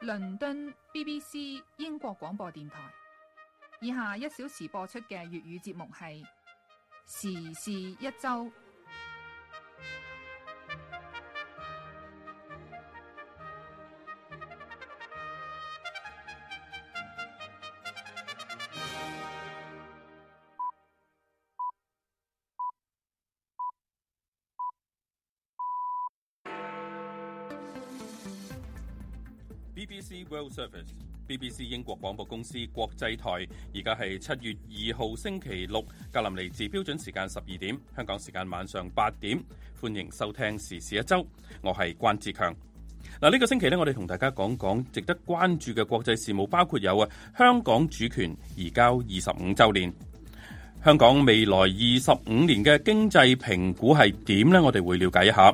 倫敦 BBC 英國廣播電台，以下一小時播出嘅粵語節目係《時事一周》。no service, BBC 英國廣播公司國際台，而家係七月二號星期六，格林尼治標準時間十二點，香港時間晚上八點，歡迎收聽《時事一周》。我係關志強。嗱，呢個星期咧，我哋同大家講講值得關注嘅國際事務，包括有啊，香港主權移交二十五周年，香港未來二十五年嘅經濟評估係點咧？我哋會了解一下。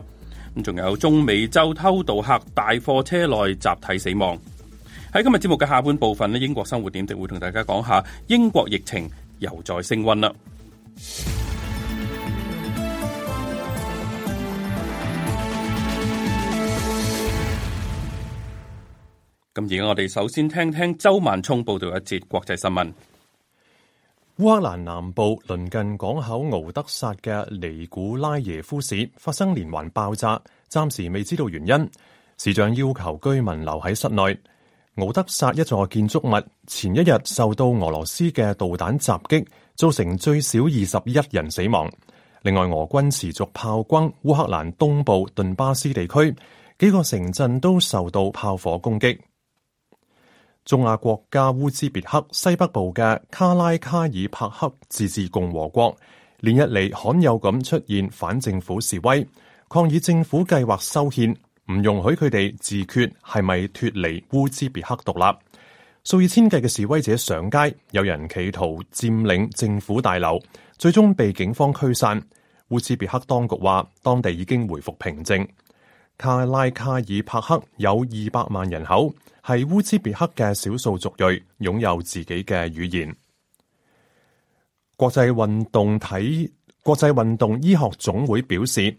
咁，仲有中美洲偷渡客大貨車內集體死亡。喺今日節目嘅下半部分咧，英國生活點滴會同大家講下英國疫情又再升温啦。咁而家我哋首先聽聽周萬聰報道一節國際新聞。烏克蘭南部鄰近港口敖德薩嘅尼古拉耶夫市發生連環爆炸，暫時未知道原因。市長要求居民留喺室內。敖德薩一座建築物前一日受到俄羅斯嘅導彈襲擊，造成最少二十一人死亡。另外，俄軍持續炮轟烏克蘭東部頓巴斯地區，幾個城鎮都受到炮火攻擊。中亞國家烏茲別克西北部嘅卡拉卡爾帕克自治共和國，連日嚟罕有咁出現反政府示威，抗議政府計劃修憲。唔容許佢哋自決是不是脫離烏，係咪脫離烏茲別克獨立？數以千計嘅示威者上街，有人企圖佔領政府大樓，最終被警方驅散。烏茲別克當局話，當地已經回復平靜。卡拉卡爾帕克有二百萬人口，係烏茲別克嘅少數族裔，擁有自己嘅語言。國際運動體國際運動醫學總會表示，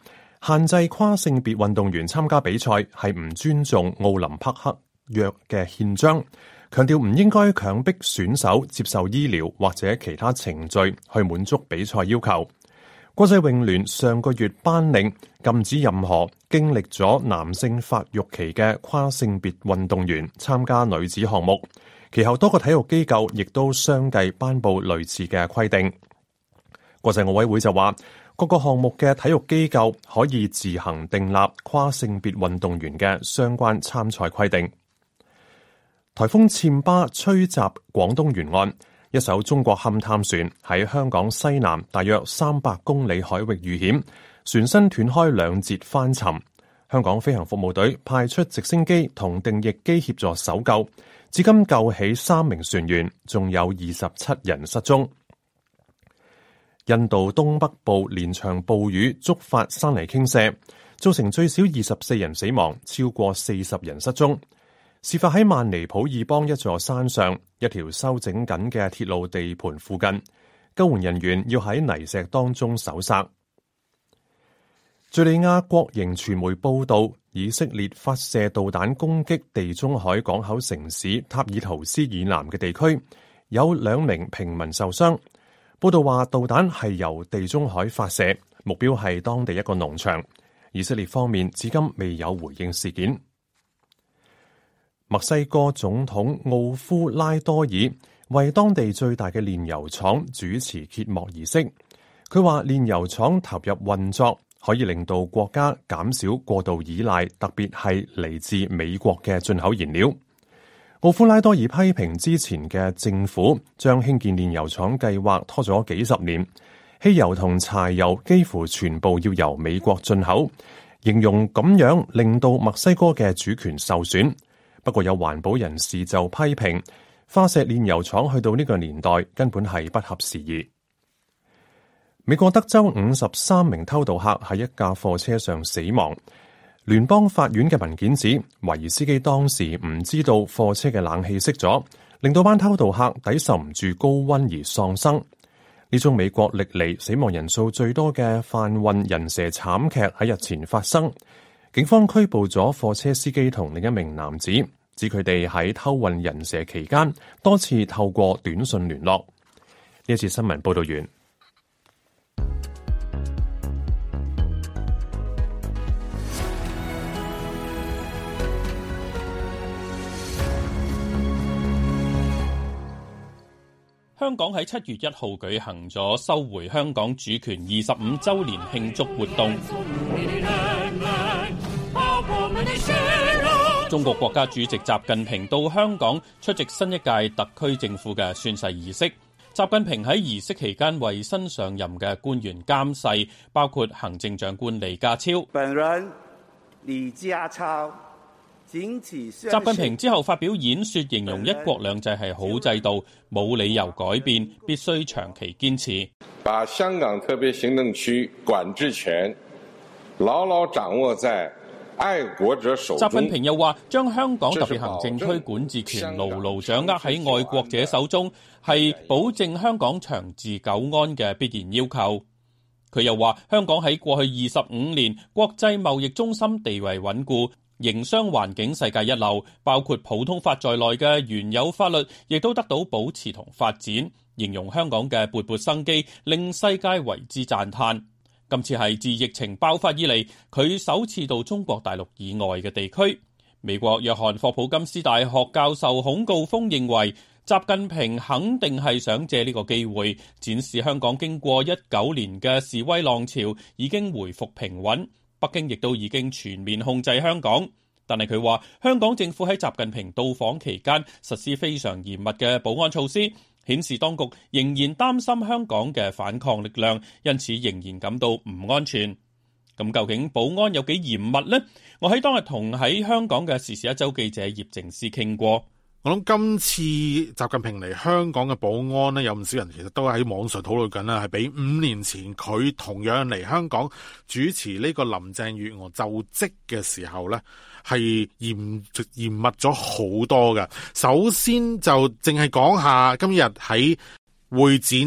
限制跨性別運動員參加比賽係唔尊重奧林匹克約嘅憲章，強調唔應該強迫選手接受醫療或者其他程序去滿足比賽要求。國際泳聯上個月頒令禁止任何經歷咗男性發育期嘅跨性別運動員參加女子項目，其後多個體育機構亦都相繼頒佈類似嘅規定。國際奧委會就話：各個項目嘅體育機構可以自行訂立跨性別運動員嘅相關參賽規定。台風暹巴吹襲廣東沿岸，一艘中國勘探船喺香港西南大約三百公里海域遇險，船身斷開兩截翻沉。香港飛行服務隊派出直升機同定翼機協助搜救，至今救起三名船員，仲有二十七人失蹤。印度東北部連場暴雨觸發山泥傾瀉，造成最少二十四人死亡，超過四十人失蹤。事發喺曼尼普爾邦一座山上，一條修整緊嘅鐵路地盤附近，救援人員要喺泥石當中搜索。敘利亞國營傳媒報道，以色列發射導彈攻擊地中海港口城市塔爾圖斯以南嘅地區，有兩名平民受傷。報道話，導彈係由地中海發射，目標係當地一個農場。以色列方面至今未有回應事件。墨西哥總統奧夫拉多爾為當地最大嘅煉油廠主持揭幕儀式，佢話煉油廠投入運作可以令到國家減少過度依賴，特別係嚟自美國嘅進口燃料。奧夫拉多爾批評之前嘅政府將興建煉油廠計劃拖咗幾十年，汽油同柴油幾乎全部要由美國進口，形容咁樣令到墨西哥嘅主權受損。不過有環保人士就批評化石煉油廠去到呢個年代根本係不合時宜。美國德州五十三名偷渡客喺一架貨車上死亡。聯邦法院嘅文件指，懷疑司機當時唔知道貨車嘅冷氣熄咗，令到班偷渡客抵受唔住高温而喪生。呢宗美國歷嚟死亡人數最多嘅販運人蛇慘劇喺日前發生，警方拘捕咗貨車司機同另一名男子，指佢哋喺偷運人蛇期間多次透過短信聯絡。呢次新聞報道完。香港喺七月一號舉行咗收回香港主權二十五周年慶祝活動。中國國家主席習近平到香港出席新一屆特區政府嘅宣誓儀式。習近平喺儀式期間為新上任嘅官員監誓，包括行政長官李家超。李家超。習近平之後發表演說，形容一國兩制係好制度，冇理由改變，必須長期堅持。把香港特別行政區管治權牢牢掌握在愛國者手中。習近平又話，將香港特別行政區管治權牢牢掌握喺愛國者手中，係保證香港長治久安嘅必然要求。佢又話，香港喺過去二十五年，國際貿易中心地位穩固。營商環境世界一流，包括普通法在內嘅原有法律亦都得到保持同發展，形容香港嘅勃勃生機令世界為之讚嘆。今次係自疫情爆發以嚟，佢首次到中國大陸以外嘅地區。美國約翰霍普金斯大學教授孔告峰認為，習近平肯定係想借呢個機會展示香港經過一九年嘅示威浪潮已經回復平穩。北京亦都已經全面控制香港，但係佢話香港政府喺習近平到訪期間實施非常嚴密嘅保安措施，顯示當局仍然擔心香港嘅反抗力量，因此仍然感到唔安全。咁究竟保安有幾嚴密呢？我喺當日同喺香港嘅時事一周記者葉靜思傾過。我諗今次習近平嚟香港嘅保安呢，有唔少人其實都喺網上討論緊啦，係比五年前佢同樣嚟香港主持呢個林鄭月娥就職嘅時候呢，係嚴嚴密咗好多㗎。首先就淨係講下今日喺會展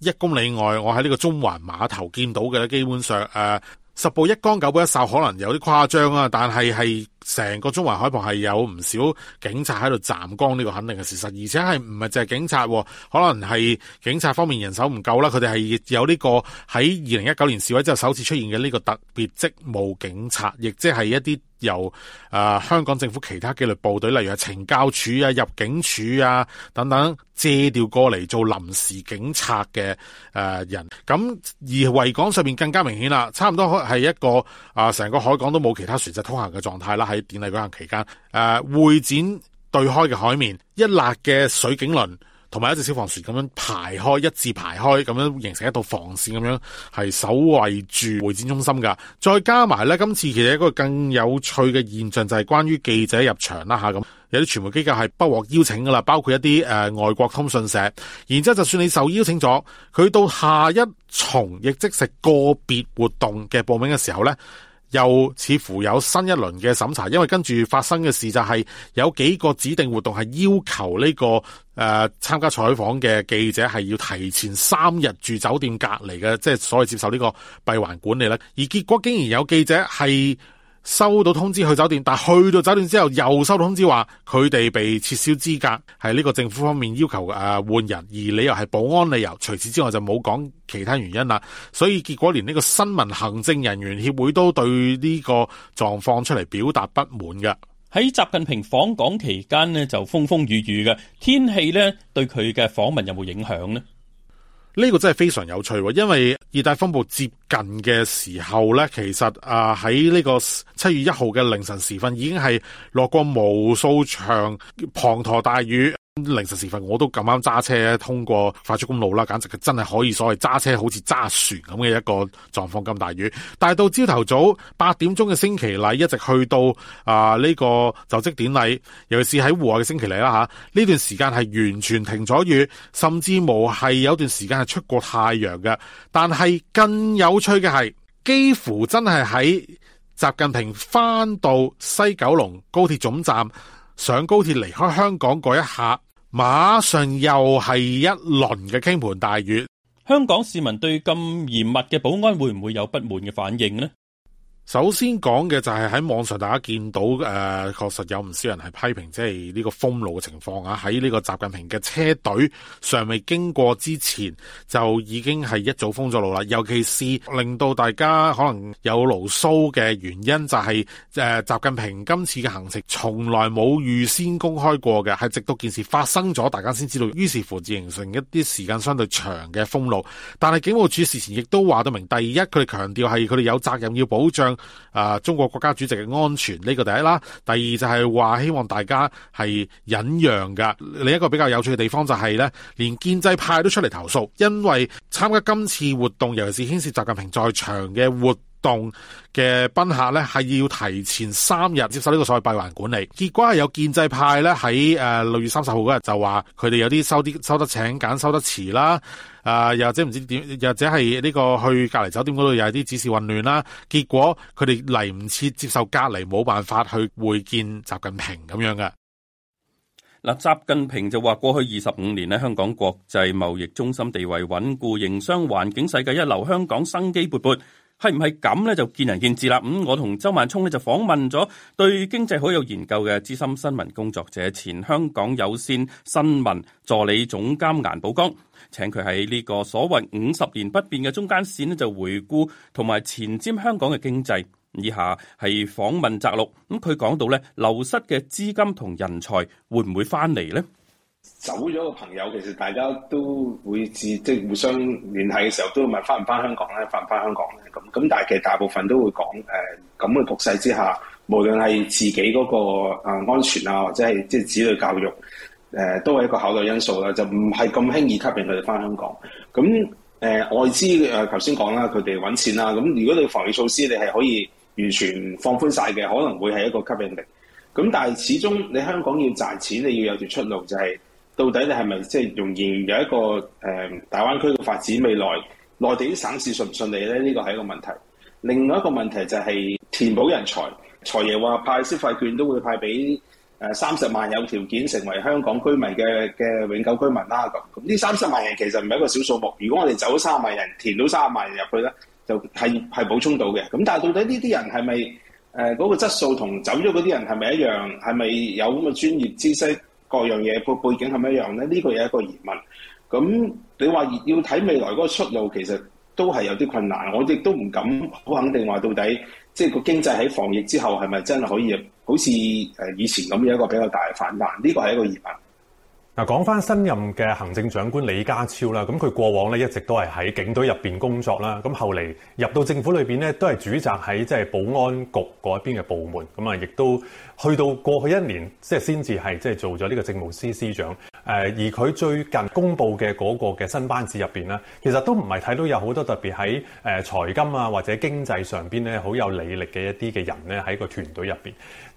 一公里外，我喺呢個中環碼頭見到嘅基本上誒、呃、十步一崗，九步一哨，可能有啲誇張啊，但係係。成個中環海旁係有唔少警察喺度站崗，呢個肯定嘅事實。而且係唔係淨係警察？可能係警察方面人手唔夠啦。佢哋係有呢、這個喺二零一九年示威之後首次出現嘅呢個特別職務警察，亦即係一啲由啊、呃、香港政府其他紀律部隊，例如係懲教處啊、入境處啊等等借調過嚟做臨時警察嘅誒人。咁、呃、而維港上面更加明顯啦，差唔多係一個啊，成、呃、個海港都冇其他船隻通行嘅狀態啦，係。典禮舉行期間，誒、呃、會展對開嘅海面，一列嘅水警輪同埋一隻消防船咁樣排開，一字排開咁樣形成一道防線咁樣係守衛住會展中心噶。再加埋呢，今次其實一個更有趣嘅現象就係關於記者入場啦吓，咁、啊、有啲傳媒機構係不獲邀請噶啦，包括一啲誒、呃、外國通訊社。然之後就算你受邀請咗，佢到下一重亦即係個別活動嘅報名嘅時候呢。又似乎有新一輪嘅審查，因為跟住發生嘅事就係有幾個指定活動係要求呢、這個誒、呃、參加採訪嘅記者係要提前三日住酒店隔離嘅，即係所謂接受呢個閉環管理啦。而結果竟然有記者係收到通知去酒店，但去到酒店之後又收到通知話佢哋被撤銷資格，係呢個政府方面要求誒換人，而理由係保安理由。除此之外就冇講其他原因啦。所以結果連呢個新聞行政人員協會都對呢個狀況出嚟表達不滿㗎。喺習近平訪港期間呢，就風風雨雨嘅天氣呢對佢嘅訪問有冇影響呢？呢個真係非常有趣，因為。熱帶風暴接近嘅時候咧，其實啊喺呢個七月一號嘅凌晨時分，已經係落過無數場滂沱大雨。凌晨時分，我都咁啱揸車通過快速公路啦，簡直真係可以所謂揸車好似揸船咁嘅一個狀況，咁大雨。但係到朝頭早八點鐘嘅升旗禮，一直去到啊呢、呃這個就職典禮，尤其是喺戶外嘅升旗禮啦吓，呢、啊、段時間係完全停咗雨，甚至無係有段時間係出過太陽嘅。但係更有趣嘅係，幾乎真係喺習近平翻到西九龍高鐵總站。上高鐵離開香港嗰一刻，馬上又係一輪嘅傾盆大雨。香港市民對咁嚴密嘅保安會唔會有不滿嘅反應呢？首先講嘅就係喺網上大家見到誒，確、呃、實有唔少人係批評，即係呢個封路嘅情況啊。喺呢個習近平嘅車隊尚未經過之前，就已經係一早封咗路啦。尤其是令到大家可能有牢騷嘅原因，就是，就係誒，習近平今次嘅行程從來冇預先公開過嘅，係直到件事發生咗，大家先知道。於是乎，就形成一啲時間相對長嘅封路。但係警務處事前亦都話得明，第一佢哋強調係佢哋有責任要保障。啊、嗯！中國國家主席嘅安全呢個第一啦，第二就係話希望大家係忍讓噶。另一個比較有趣嘅地方就係、是、呢，連建制派都出嚟投訴，因為參加今次活動，尤其是牽涉習近平在場嘅活動。動嘅賓客咧，係要提前三日接受呢個所謂閉環管理。結果係有建制派咧喺誒六月三十號嗰日就話佢哋有啲收啲收得請柬收得遲啦，啊又或者唔知點，又或者係呢個去隔離酒店嗰度又係啲指示混亂啦。結果佢哋嚟唔切接受隔離冇辦法去會見習近平咁樣嘅嗱。習近平就話過去二十五年咧，香港國際貿易中心地位穩固，營商環境世界一流，香港生機勃勃。係唔係咁咧？就見仁見智啦。咁我同周萬聰咧就訪問咗對經濟好有研究嘅資深新聞工作者，前香港有綫新聞助理總監顏寶剛，請佢喺呢個所謂五十年不變嘅中間綫咧，就回顧同埋前瞻香港嘅經濟。以下係訪問摘錄。咁佢講到咧，流失嘅資金同人才會唔會翻嚟咧？走咗個朋友，其實大家都會自即係互相聯繫嘅時候，都會問翻唔翻香港咧，翻唔翻香港咧？咁咁，但係其實大部分都會講誒，咁、呃、嘅局勢之下，無論係自己嗰個誒安全啊，或者係即係子女教育誒、呃，都係一個考慮因素啦。就唔係咁輕易吸引佢哋翻香港。咁誒、呃、外資誒，頭先講啦，佢哋搵錢啦、啊。咁如果你防疫措施，你係可以完全放寬晒嘅，可能會係一個吸引力。咁但係始終你香港要賺錢，你要有條出路就係、是。到底你係咪即係容易有一個誒大灣區嘅發展未來，內地啲省市順唔順利咧？呢個係一個問題。另外一個問題就係填補人才，財爺話派消費券都會派俾誒三十萬，有條件成為香港居民嘅嘅永久居民啦、啊。咁呢三十萬人其實唔係一個小數目，如果我哋走咗三十萬人，填到三十萬人入去咧，就係、是、係補充到嘅。咁但係到底呢啲人係咪誒嗰個質素同走咗嗰啲人係咪一樣？係咪有咁嘅專業知識？各樣嘢個背景係咪一樣咧？呢個有一個疑問。咁你話要睇未來嗰個出路，其實都係有啲困難。我亦都唔敢好肯定話到底，即係個經濟喺防疫之後係咪真係可以好似誒以前咁樣一個比較大嘅反彈？呢個係一個疑問。嗱，講翻新任嘅行政長官李家超啦，咁佢過往咧一直都係喺警隊入面工作啦，咁後嚟入到政府裏面，咧都係主責喺即係保安局嗰邊嘅部門，咁啊亦都去到過去一年即係先至係即係做咗呢個政務司司長。誒而佢最近公布嘅嗰個嘅新班子入邊咧，其實都唔係睇到有好多特別喺誒財金啊或者經濟上邊咧好有履歷嘅一啲嘅人咧喺個團隊入邊，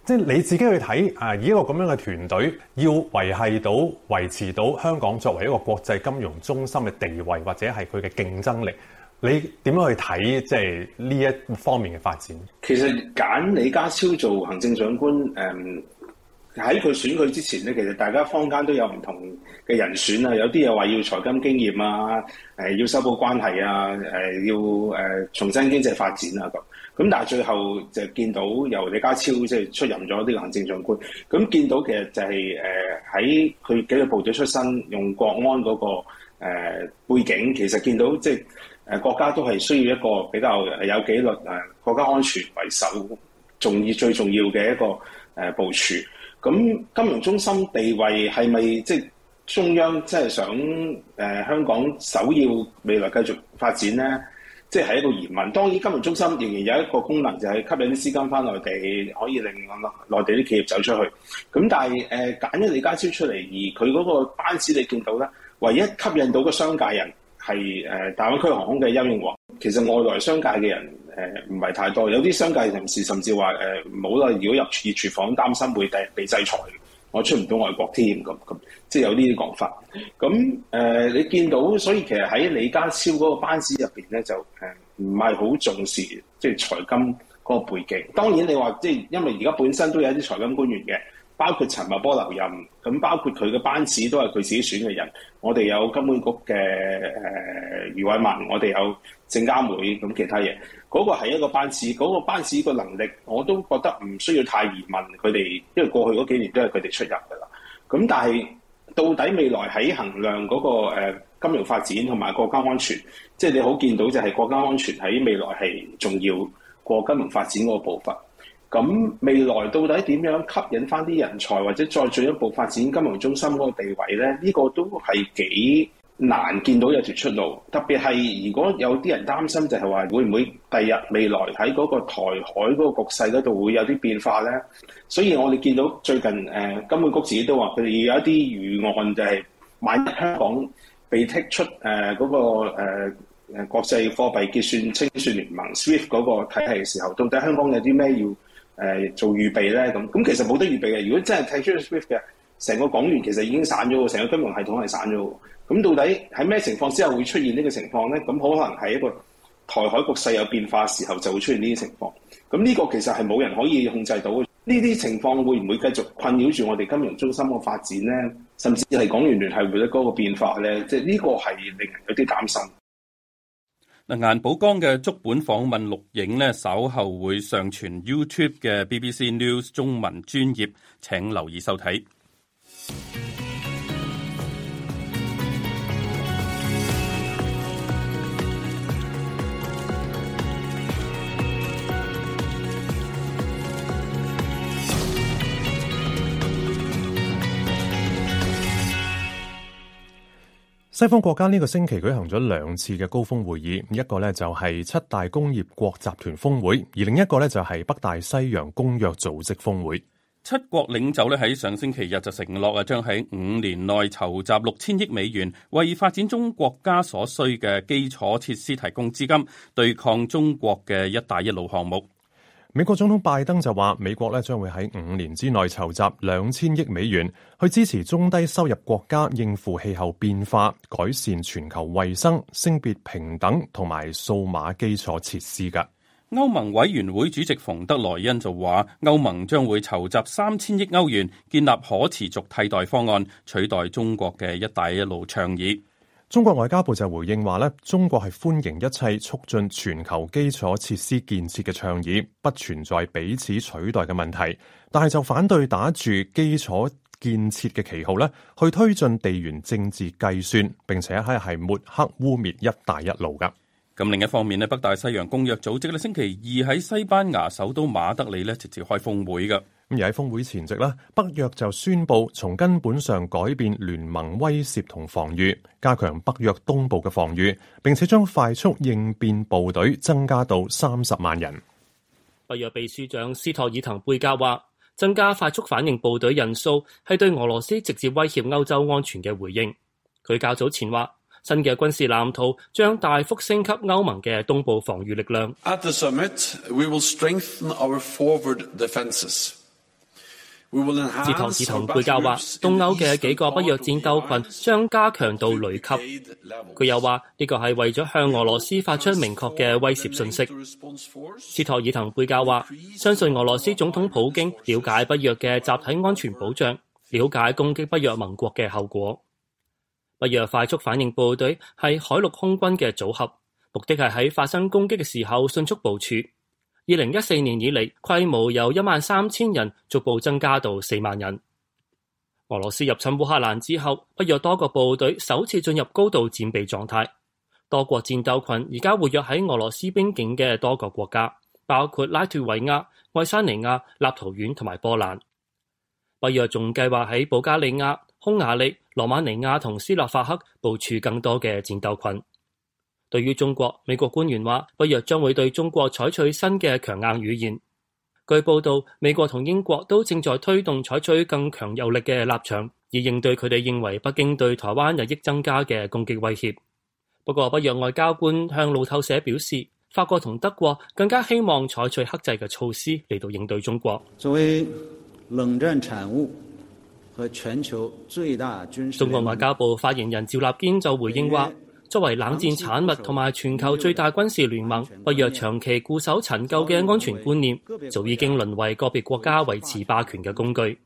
即係你自己去睇啊，以一個咁樣嘅團隊要維繫到維持到香港作為一個國際金融中心嘅地位或者係佢嘅競爭力，你點樣去睇即係呢一方面嘅發展？其實揀李家超做行政長官誒。嗯喺佢選舉之前咧，其實大家坊間都有唔同嘅人選啊。有啲又話要財金經驗啊，誒要修補關係啊，誒要誒重新經濟發展啊咁。咁但係最後就見到由李家超即係出任咗啲行政長官。咁見到其實就係誒喺佢紀律部隊出身，用國安嗰個背景，其實見到即係誒國家都係需要一個比較有紀律誒國家安全為首重要最重要嘅一個誒部署。咁金融中心地位係咪即係中央即係想誒香港首要未來繼續發展咧？即係一個疑問。當然金融中心仍然有一個功能，就係吸引啲資金翻內地，可以令內地啲企業走出去。咁但係誒揀咗李家超出嚟，而佢嗰個班子你見到咧，唯一吸引到個商界人。係誒，是大灣區航空嘅丘應樺，其實外來商界嘅人誒唔係太多，有啲商界人士甚至話誒冇啦，如果入熱廚房，擔心會被被制裁，我出唔到外國添，咁咁即係有呢啲講法。咁誒、呃，你見到，所以其實喺李家超嗰個班子入邊咧，就誒唔係好重視即係、就是、財金嗰個背景。當然你話即係因為而家本身都有一啲財金官員嘅。包括陳茂波留任，咁包括佢嘅班子都係佢自己選嘅人。我哋有金管局嘅誒余偉文，我哋有證監會，咁其他嘢，嗰、那個係一個班子，嗰、那個班子個能力我都覺得唔需要太疑問佢哋，因為過去嗰幾年都係佢哋出入㗎啦。咁但係到底未來喺衡量嗰個誒金融發展同埋國家安全，即、就、係、是、你好見到就係國家安全喺未來係重要過金融發展嗰個步伐。咁未來到底點樣吸引翻啲人才，或者再進一步發展金融中心嗰個地位咧？呢、呢個都係幾難見到有條出路。特別係如果有啲人擔心，就係話會唔會第日未來喺嗰個台海嗰個局勢嗰度會有啲變化咧？所以我哋見到最近誒金管局自己都話，佢哋有一啲預案，就係萬一香港被剔出嗰、呃那個誒國、呃、國際貨幣結算清算聯盟 SWIFT 嗰個體系嘅時候，到底香港有啲咩要？誒做預備咧咁，咁其實冇得預備嘅。如果真係 Taylor Swift 嘅，成個港元其實已經散咗喎，成個金融系統係散咗喎。咁到底喺咩情況之下會出現呢個情況咧？咁可能係一個台海局勢有變化時候就會出現呢啲情況。咁呢個其實係冇人可以控制到。呢啲情況會唔會繼續困擾住我哋金融中心嘅發展咧？甚至係港元聯繫匯率嗰個變化咧？即係呢個係令人有啲擔心。嗱，顏寶剛嘅足本訪問錄影呢，稍後會上傳 YouTube 嘅 BBC News 中文專頁，請留意收睇。西方國家呢個星期舉行咗兩次嘅高峰會議，一個呢就係七大工業國集團峰會，而另一個呢就係北大西洋公約組織峰會。七國領袖咧喺上星期日就承諾啊，將喺五年內籌集六千億美元，為發展中國家所需嘅基礎設施提供資金，對抗中國嘅一帶一路項目。美國總統拜登就話，美國咧將會喺五年之內籌集兩千億美元去支持中低收入國家應付氣候變化、改善全球衛生、性別平等同埋數碼基礎設施嘅。歐盟委員會主席馮德萊恩就話，歐盟將會籌集三千億歐元，建立可持續替代方案，取代中國嘅一帶一路倡議。中國外交部就回應話咧，中國係歡迎一切促進全球基礎設施建設嘅倡議，不存在彼此取代嘅問題，但係就反對打住基礎建設嘅旗號咧，去推進地緣政治計算，並且係係抹黑污衊一帶一路噶。咁另一方面呢，北大西洋公約組織咧星期二喺西班牙首都馬德里咧直接開峰會嘅。咁而喺峰會前夕呢，北約就宣布從根本上改變聯盟威懾同防禦，加強北約東部嘅防禦，並且將快速應變部隊增加到三十萬人。北約秘書長斯托爾滕貝格話，增加快速反應部隊人數係對俄羅斯直接威脅歐洲安全嘅回應。佢較早前話。新嘅軍事藍圖將大幅升級歐盟嘅東部防禦力量。斯托爾滕貝格話，東歐嘅幾個北約戰鬥群將加強到旅級。佢又話呢個係為咗向俄羅斯發出明確嘅威懾信息。斯托爾滕貝格話，相信俄羅斯總統普京瞭解北約嘅集體安全保障，瞭解攻擊北約盟國嘅後果。北約快速反應部隊係海陸空軍嘅組合，目的係喺發生攻擊嘅時候迅速部署。二零一四年以嚟，規模由一萬三千人逐步增加到四萬人。俄羅斯入侵烏克蘭之後，北約多個部隊首次進入高度戰備狀態。多國戰鬥群而家活躍喺俄羅斯邊境嘅多個國家，包括拉脫維亞、愛沙尼亞、立陶宛同埋波蘭。北約仲計劃喺保加利亞、匈牙利。羅馬尼亞同斯洛伐克部署更多嘅戰鬥群。對於中國，美國官員話北約將會對中國採取新嘅強硬語言。據報道，美國同英國都正在推動採取更強有力嘅立場，以應對佢哋認為北京對台灣日益增加嘅攻擊威脅。不過，北約外交官向路透社表示，法國同德國更加希望採取克制嘅措施嚟到應對中國。作為冷戰產物。中國外交部發言人趙立堅就回應話：作為冷戰產物同埋全球最大軍事聯盟，北約長期固守陳舊嘅安全觀念，早已經淪為個別國家維持霸權嘅工具。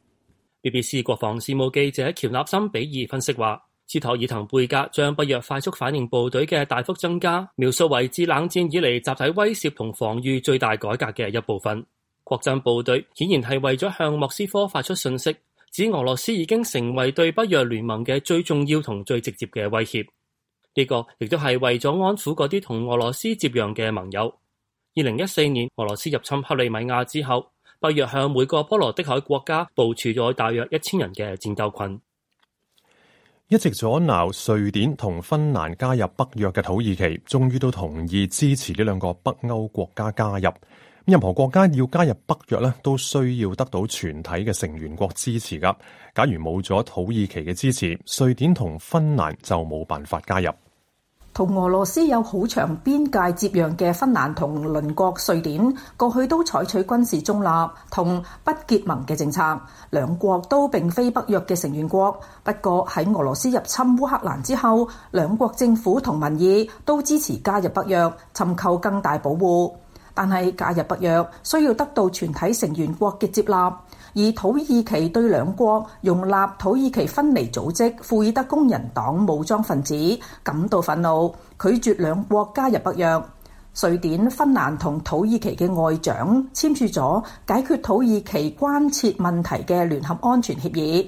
BBC 國防事務記者喬納森比爾分析話：斯托爾滕貝格將北約快速反應部隊嘅大幅增加，描述為自冷戰以嚟集體威脅同防禦最大改革嘅一部分。擴增部隊顯然係為咗向莫斯科發出訊息。指俄羅斯已經成為對北約聯盟嘅最重要同最直接嘅威脅，呢個亦都係為咗安撫嗰啲同俄羅斯接壤嘅盟友。二零一四年俄羅斯入侵克里米亞之後，北約向每個波羅的海國家部署咗大約一千人嘅戰鬥群。一直阻撓瑞典同芬蘭加入北約嘅土耳其，終於都同意支持呢兩個北歐國家加入。任何國家要加入北約咧，都需要得到全體嘅成員國支持噶。假如冇咗土耳其嘅支持，瑞典同芬蘭就冇辦法加入。同俄羅斯有好長邊界接壤嘅芬蘭同鄰國瑞典，過去都採取軍事中立同不結盟嘅政策。兩國都並非北約嘅成員國。不過喺俄羅斯入侵烏克蘭之後，兩國政府同民意都支持加入北約，尋求更大保護。但係加入北約需要得到全體成員國嘅接納，而土耳其對兩國容納土耳其分離組織庫爾德工人黨武裝分子感到憤怒，拒絕兩國加入北約。瑞典、芬蘭同土耳其嘅外長簽署咗解決土耳其關切問題嘅聯合安全協議。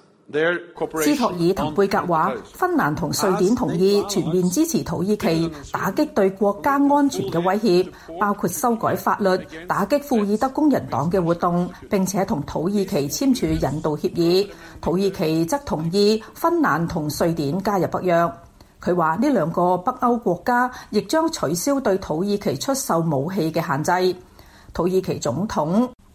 斯托爾滕貝格話：芬蘭同瑞典同意全面支持土耳其打擊對國家安全嘅威脅，包括修改法律打擊庫爾德工人黨嘅活動，並且同土耳其簽署引渡協議。土耳其則同意芬蘭同瑞典加入北約。佢話呢兩個北歐國家亦將取消對土耳其出售武器嘅限制。土耳其總統。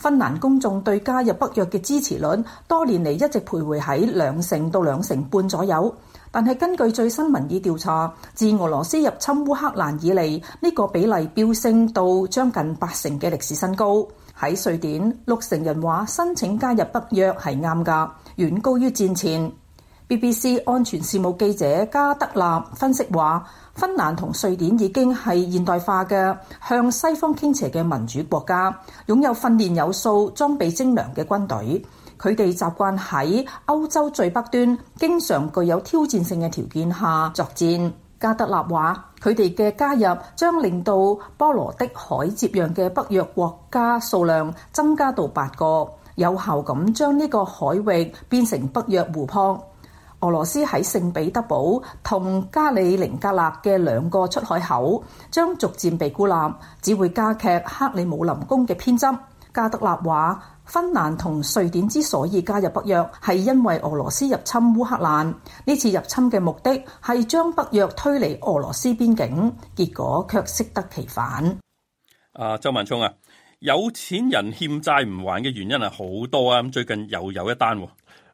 芬蘭公眾對加入北約嘅支持率多年嚟一直徘徊喺兩成到兩成半左右，但係根據最新民意調查，自俄羅斯入侵烏克蘭以嚟，呢、這個比例飆升到將近八成嘅歷史新高。喺瑞典，六成人話申請加入北約係啱㗎，遠高於戰前。BBC 安全事務記者加德納分析話：芬蘭同瑞典已經係現代化嘅向西方傾斜嘅民主國家，擁有訓練有素、裝備精良嘅軍隊。佢哋習慣喺歐洲最北端，經常具有挑戰性嘅條件下作戰。加德納話：佢哋嘅加入將令到波羅的海接壤嘅北約國家數量增加到八個，有效咁將呢個海域變成北約湖泊。俄羅斯喺聖彼得堡同加里寧格勒嘅兩個出海口將逐漸被孤立，只會加劇克里姆林宮嘅偏執。加德納話，芬蘭同瑞典之所以加入北約，係因為俄羅斯入侵烏克蘭。呢次入侵嘅目的係將北約推離俄羅斯邊境，結果卻適得其反。阿、啊、周文聰啊，有錢人欠債唔還嘅原因係好多啊，咁最近又有一單，啊。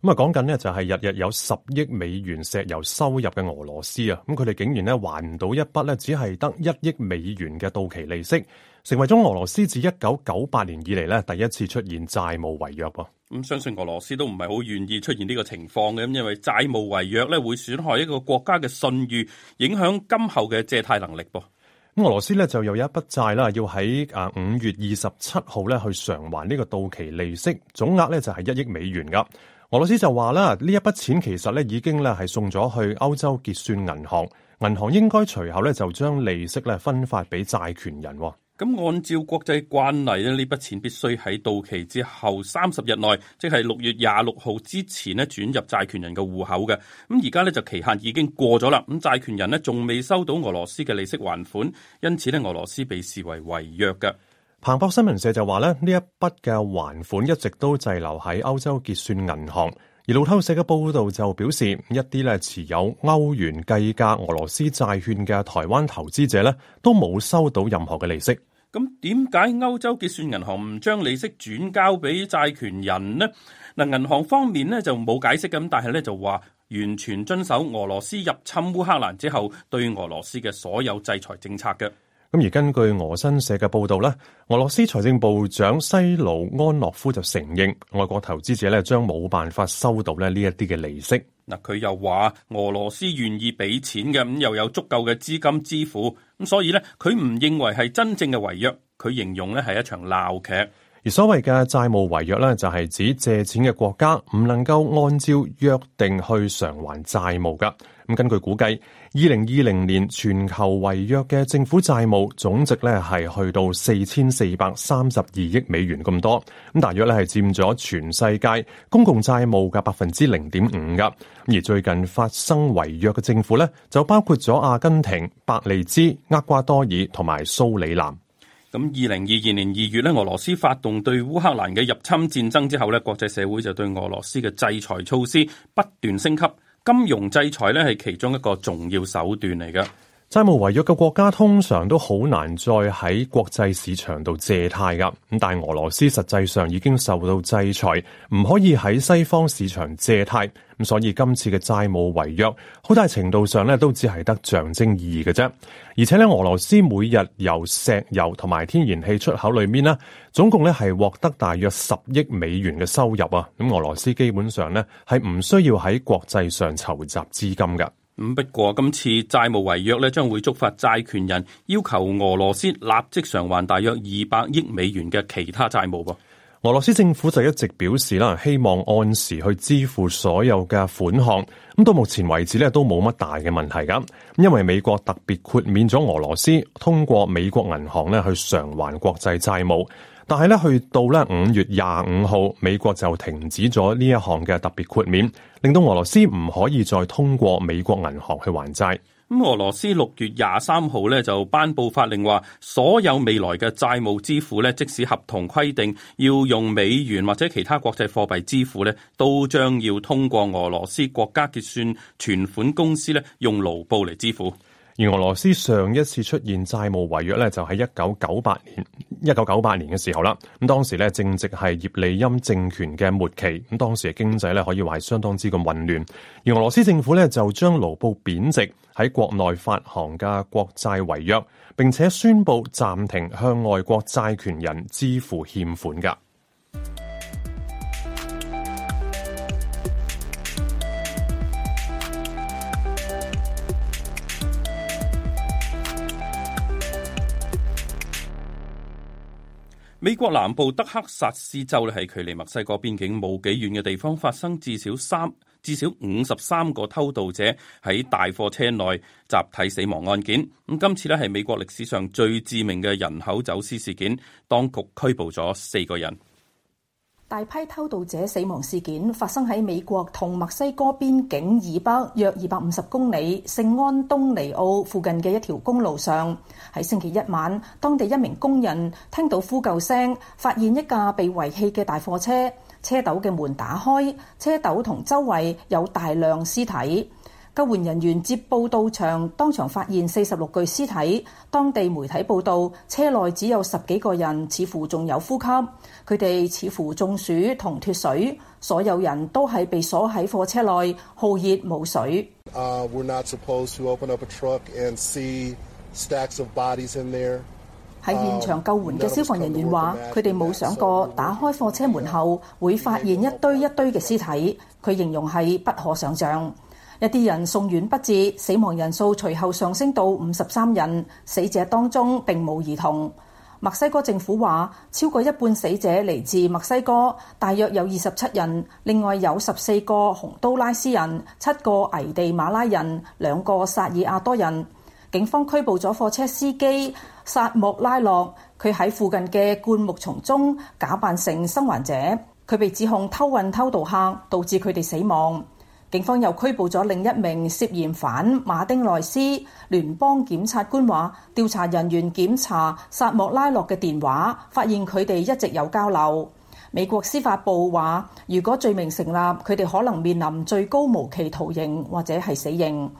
咁啊，講緊呢就係日日有十億美元石油收入嘅俄羅斯啊，咁佢哋竟然呢還唔到一筆呢，只係得一億美元嘅到期利息，成為咗俄羅斯自一九九八年以嚟呢第一次出現債務違約。咁相信俄羅斯都唔係好願意出現呢個情況嘅，因為債務違約呢會損害一個國家嘅信譽，影響今後嘅借貸能力。咁俄羅斯呢，就有一筆債啦，要喺啊五月二十七號呢去償還呢個到期利息，總額呢就係一億美元噶。俄羅斯就話啦，呢一筆錢其實咧已經咧係送咗去歐洲結算銀行，銀行應該隨後咧就將利息咧分發俾債權人。咁按照國際慣例咧，呢筆錢必須喺到期之後三十日內，即係六月廿六號之前咧轉入債權人嘅戶口嘅。咁而家咧就期限已經過咗啦，咁債權人咧仲未收到俄羅斯嘅利息還款，因此咧俄羅斯被視為違約嘅。彭博新聞社就話咧，呢一筆嘅還款一直都滯留喺歐洲結算銀行，而路透社嘅報道就表示，一啲咧持有歐元計價俄羅斯債券嘅台灣投資者咧，都冇收到任何嘅利息。咁點解歐洲結算銀行唔將利息轉交俾債權人呢？嗱，銀行方面咧就冇解釋咁，但係咧就話完全遵守俄羅斯入侵烏克蘭之後對俄羅斯嘅所有制裁政策嘅。咁而根據俄新社嘅報道咧，俄羅斯財政部長西盧安諾夫就承認，外國投資者咧將冇辦法收到咧呢一啲嘅利息。嗱，佢又話俄羅斯願意俾錢嘅，咁又有足夠嘅資金支付，咁所以咧佢唔認為係真正嘅違約，佢形容咧係一場鬧劇。而所謂嘅債務違約咧，就係指借錢嘅國家唔能夠按照約定去償還債務噶。咁根據估計，二零二零年全球違約嘅政府債務總值咧，係去到四千四百三十二億美元咁多。咁大約咧係佔咗全世界公共債務嘅百分之零點五噶。而最近發生違約嘅政府咧，就包括咗阿根廷、白利茲、厄瓜多爾同埋蘇里南。咁二零二二年二月咧，俄羅斯發動對烏克蘭嘅入侵戰爭之後咧，國際社會就對俄羅斯嘅制裁措施不斷升級，金融制裁咧係其中一個重要手段嚟嘅。債務違約嘅國家通常都好難再喺國際市場度借貸噶，咁但係俄羅斯實際上已經受到制裁，唔可以喺西方市場借貸，咁所以今次嘅債務違約好大程度上咧都只係得象徵意義嘅啫。而且咧，俄羅斯每日由石油同埋天然氣出口裏面咧，總共咧係獲得大約十億美元嘅收入啊，咁俄羅斯基本上咧係唔需要喺國際上籌集資金噶。咁不過今次債務違約咧，將會觸發債權人要求俄羅斯立即償還大約二百億美元嘅其他債務。俄羅斯政府就一直表示啦，希望按時去支付所有嘅款項。咁到目前為止咧，都冇乜大嘅問題噶，因為美國特別豁免咗俄羅斯通過美國銀行咧去償還國際債務。但係咧，去到咧五月廿五號，美國就停止咗呢一項嘅特別豁免，令到俄羅斯唔可以再通過美國銀行去還債。咁俄羅斯六月廿三號咧就頒布法令話，所有未來嘅債務支付咧，即使合同規定要用美元或者其他國際貨幣支付咧，都將要通過俄羅斯國家結算存款公司咧用盧布嚟支付。而俄羅斯上一次出現債務違約咧，就喺一九九八年，一九九八年嘅時候啦。咁當時咧，正值係葉利欽政權嘅末期，咁當時嘅經濟咧，可以話係相當之咁混亂。而俄羅斯政府咧就將盧布貶值，喺國內發行嘅國債違約，並且宣布暫停向外國債權人支付欠款㗎。美國南部德克薩斯州咧，係距離墨西哥邊境冇幾遠嘅地方，發生至少三至少五十三個偷渡者喺大貨車內集體死亡案件。咁今次咧係美國歷史上最致命嘅人口走私事件，當局拘捕咗四個人。大批偷渡者死亡事件發生喺美國同墨西哥邊境以北約二百五十公里聖安東尼奧附近嘅一條公路上。喺星期一晚，當地一名工人聽到呼救聲，發現一架被遺棄嘅大貨車，車斗嘅門打開，車斗同周圍有大量屍體。救援人員接報到場，當場發現四十六具屍體。當地媒體報道，車內只有十幾個人，似乎仲有呼吸。佢哋似乎中暑同脫水，所有人都係被鎖喺貨車內，酷熱冇水。Uh, we're not supposed to open up a truck and see stacks of bodies in there. 喺、uh, uh, 現場救援嘅消防人員話，佢哋冇想過打開貨車門後會發現一堆一堆嘅屍體。佢形容係不可想像。一啲人送院不治，死亡人數隨後上升到五十三人，死者當中並無兒童。墨西哥政府話，超過一半死者嚟自墨西哥，大約有二十七人。另外有十四個洪都拉斯人，七個危地馬拉人，兩個薩爾亞多人。警方拘捕咗貨車司機薩莫拉諾，佢喺附近嘅灌木叢中假扮成生還者，佢被指控偷運偷渡客，導致佢哋死亡。警方又拘捕咗另一名涉嫌犯馬丁內斯。聯邦檢察官話，調查人員檢查薩莫拉諾嘅電話發現佢哋一直有交流。美國司法部話，如果罪名成立，佢哋可能面臨最高無期徒刑或者係死刑。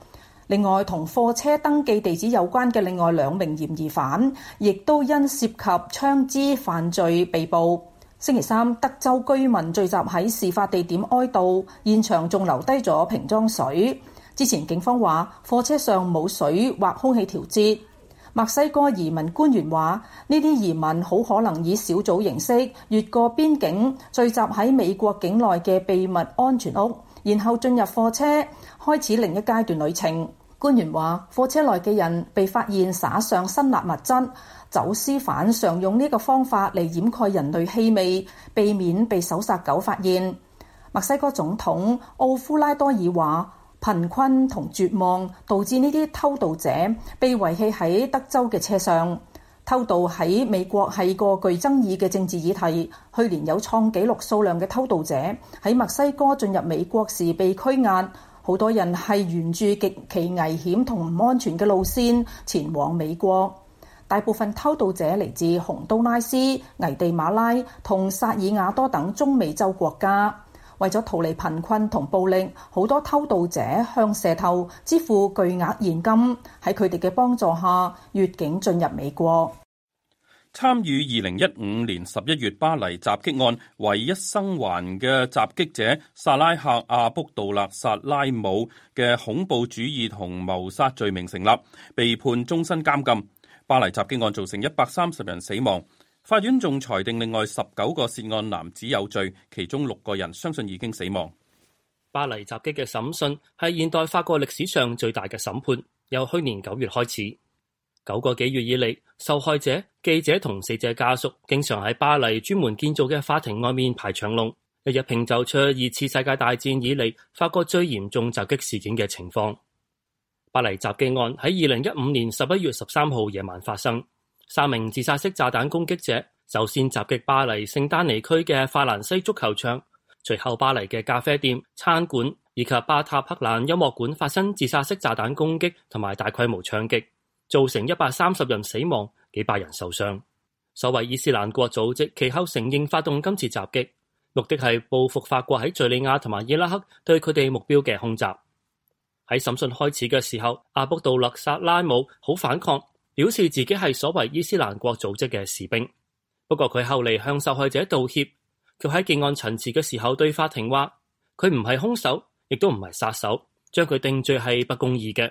另外，同貨車登記地址有關嘅另外兩名嫌疑犯，亦都因涉及槍支犯罪被捕。星期三，德州居民聚集喺事發地點哀悼，現場仲留低咗瓶裝水。之前警方話，貨車上冇水或空氣調節，墨西哥移民官員話呢啲移民好可能以小組形式越過邊境，聚集喺美國境內嘅秘密安全屋，然後進入貨車開始另一階段旅程。官員話，貨車內嘅人被發現灑上辛辣物質。走私犯常用呢個方法嚟掩蓋人類氣味，避免被搜殺狗發現。墨西哥總統奧夫拉多爾話：貧困同絕望導致呢啲偷渡者被遺棄喺德州嘅車上。偷渡喺美國係個具爭議嘅政治議題。去年有創紀錄數量嘅偷渡者喺墨西哥進入美國時被拘押，好多人係沿住極其危險同唔安全嘅路線前往美國。大部分偷渡者嚟自洪都拉斯、危地馬拉同薩爾瓦多等中美洲國家，為咗逃離貧困同暴力，好多偷渡者向蛇頭支付巨額現金。喺佢哋嘅幫助下，越境進入美國。參與二零一五年十一月巴黎襲擊案唯一生還嘅襲擊者薩拉赫·阿卜杜勒·薩拉姆嘅恐怖主義同謀殺罪名成立，被判終身監禁。巴黎襲擊案造成一百三十人死亡，法院仲裁定另外十九個涉案男子有罪，其中六個人相信已經死亡。巴黎襲擊嘅審訊係現代法國歷史上最大嘅審判，由去年九月開始，九個幾月以嚟，受害者、記者同死者家屬經常喺巴黎專門建造嘅法庭外面排長龍，日日評就出二次世界大戰以嚟法國最嚴重襲擊事件嘅情況。巴黎襲擊案喺二零一五年十一月十三號夜晚發生，三名自殺式炸彈攻擊者首先襲擊巴黎聖丹尼區嘅法蘭西足球場，隨後巴黎嘅咖啡店、餐館以及巴塔克蘭音樂館發生自殺式炸彈攻擊同埋大規模槍擊，造成一百三十人死亡、幾百人受傷。所謂伊斯蘭國組織其後承認發動今次襲擊，目的係報復法國喺敍利亞同埋伊拉克對佢哋目標嘅轟襲。喺審訊開始嘅時候，阿卜杜勒薩拉姆好反抗，表示自己係所謂伊斯蘭國組織嘅士兵。不過佢後嚟向受害者道歉，佢喺結案陳詞嘅時候對法庭話：佢唔係兇手，亦都唔係殺手，將佢定罪係不公義嘅。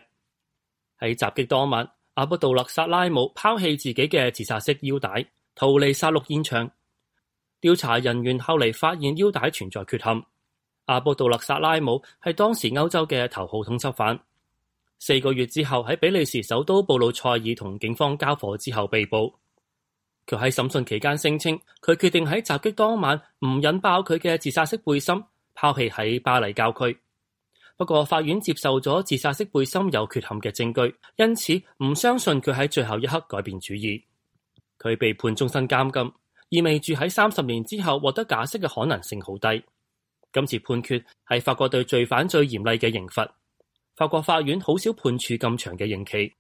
喺襲擊當晚，阿卜杜勒薩拉姆拋棄自己嘅自殺式腰帶，逃離殺戮現場。調查人員後嚟發現腰帶存在缺陷。阿布杜勒薩拉姆係當時歐洲嘅頭號通緝犯。四個月之後，喺比利時首都布魯塞爾同警方交火之後被捕。佢喺審訊期間聲稱，佢決定喺襲擊當晚唔引爆佢嘅自殺式背心，拋棄喺巴黎郊區。不過，法院接受咗自殺式背心有缺陷嘅證據，因此唔相信佢喺最後一刻改變主意。佢被判終身監禁，意味住喺三十年之後獲得假釋嘅可能性好低。今次判決係法國對罪犯最嚴厲嘅刑罰。法國法院好少判處咁長嘅刑期。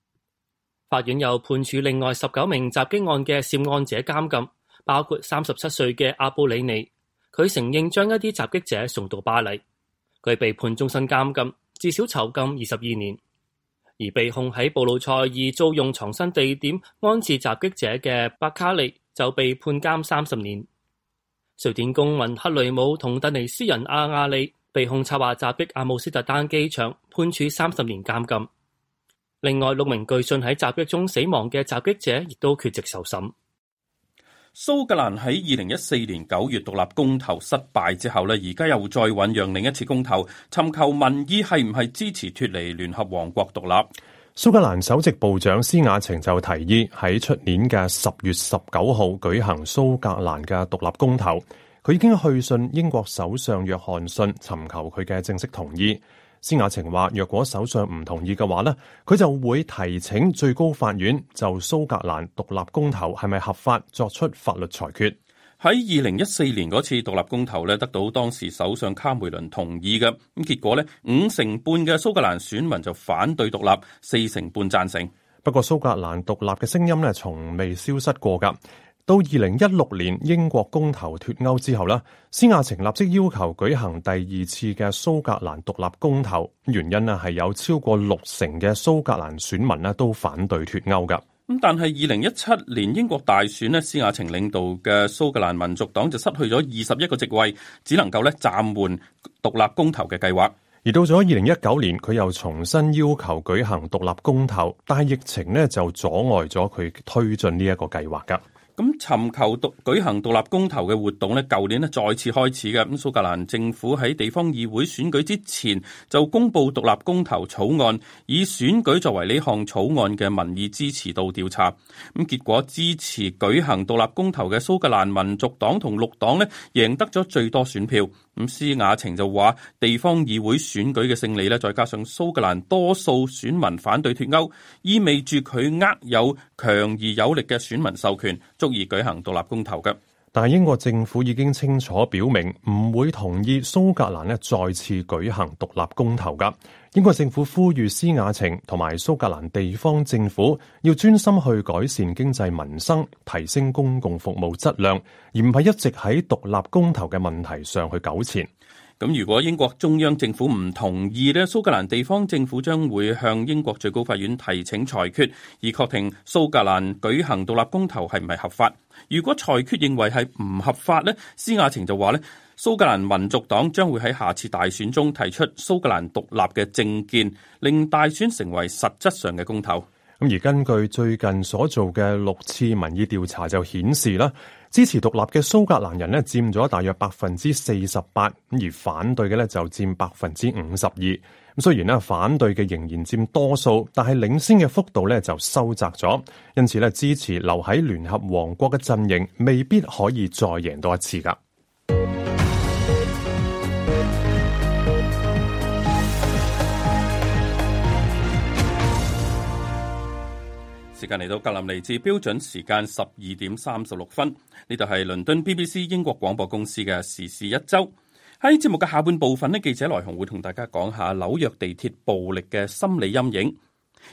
法院又判處另外十九名襲擊案嘅涉案者監禁，包括三十七歲嘅阿布里尼，佢承認將一啲襲擊者送到巴黎，佢被判終身監禁，至少囚禁二十二年。而被控喺布魯塞爾租用藏身地點安置襲擊者嘅巴卡利就被判監三十年。瑞典公民克雷姆同突尼斯人阿亞利被控策劃襲擊阿姆斯特丹機場，判處三十年監禁。另外六名據信喺襲擊中死亡嘅襲擊者亦都缺席受審。蘇格蘭喺二零一四年九月獨立公投失敗之後呢，而家又再醞釀另一次公投，尋求民意係唔係支持脱離聯合王國獨立。蘇格蘭首席部長施雅晴就提議喺出年嘅十月十九號舉行蘇格蘭嘅獨立公投，佢已經去信英國首相約翰遜尋求佢嘅正式同意。施雅晴話：若果首相唔同意嘅話呢，佢就會提請最高法院就蘇格蘭獨立公投係咪合法作出法律裁決。喺二零一四年嗰次獨立公投咧，得到當時首相卡梅倫同意嘅，咁結果咧五成半嘅蘇格蘭選民就反對獨立，四成半讚成。不過蘇格蘭獨立嘅聲音咧，從未消失過噶。到二零一六年英國公投脱歐之後啦，施亞晴立即要求舉行第二次嘅蘇格蘭獨立公投，原因啊係有超過六成嘅蘇格蘭選民都反對脱歐噶。咁但係二零一七年英國大選咧，施雅晴領導嘅蘇格蘭民族黨就失去咗二十一個席位，只能夠咧暫緩獨立公投嘅計劃。而到咗二零一九年，佢又重新要求舉行獨立公投，但係疫情咧就阻礙咗佢推進呢一個計劃噶。咁尋求舉行獨立公投嘅活動呢，舊年再次開始嘅。咁蘇格蘭政府喺地方議會選舉之前就公布獨立公投草案，以選舉作為呢項草案嘅民意支持度調查。咁結果支持舉行獨立公投嘅蘇格蘭民族黨同綠黨呢，贏得咗最多選票。咁施雅晴就話，地方議會選舉嘅勝利呢，再加上蘇格蘭多數選民反對脫歐，意味住佢握有強而有力嘅選民授權，足以舉行獨立公投嘅。但英國政府已經清楚表明唔會同意蘇格蘭再次舉行獨立公投噶。英國政府呼籲施雅晴同埋蘇格蘭地方政府要專心去改善經濟民生，提升公共服務質量，而唔係一直喺獨立公投嘅問題上去糾纏。咁如果英國中央政府唔同意咧，蘇格蘭地方政府將會向英國最高法院提請裁決，以確定蘇格蘭舉行獨立公投係唔係合法。如果裁決認為係唔合法呢，施雅晴就話咧，蘇格蘭民族黨將會喺下次大選中提出蘇格蘭獨立嘅政見，令大選成為實質上嘅公投。咁而根據最近所做嘅六次民意調查就顯示啦，支持獨立嘅蘇格蘭人咧佔咗大約百分之四十八，而反對嘅咧就佔百分之五十二。雖然咧反對嘅仍然佔多數，但係領先嘅幅度咧就收窄咗，因此咧支持留喺聯合王國嘅陣營未必可以再贏多一次噶。時間嚟到格林尼治標準時間十二點三十六分，呢度係倫敦 BBC 英國廣播公司嘅時事一周。喺節目嘅下半部分呢，記者來鴻會同大家講下紐約地鐵暴力嘅心理陰影。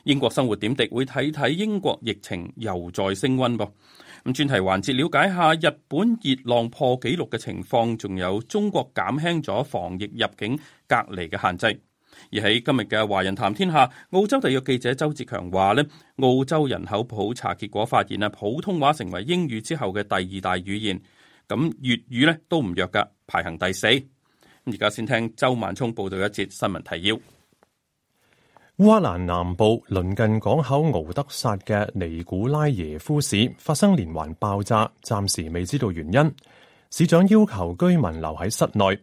英國生活點滴會睇睇英國疫情又再升溫噃。咁專題環節了解下日本熱浪破紀錄嘅情況，仲有中國減輕咗防疫入境隔離嘅限制。而喺今日嘅華人談天下，澳洲特約記者周志強話呢，澳洲人口普查結果發現啊，普通話成為英語之後嘅第二大語言。咁粵語咧都唔弱噶。排行第四。而家先聽周萬聰報道一節新聞提要。烏克蘭南部鄰近港口敖德薩嘅尼古拉耶夫市發生連環爆炸，暫時未知道原因。市長要求居民留喺室內。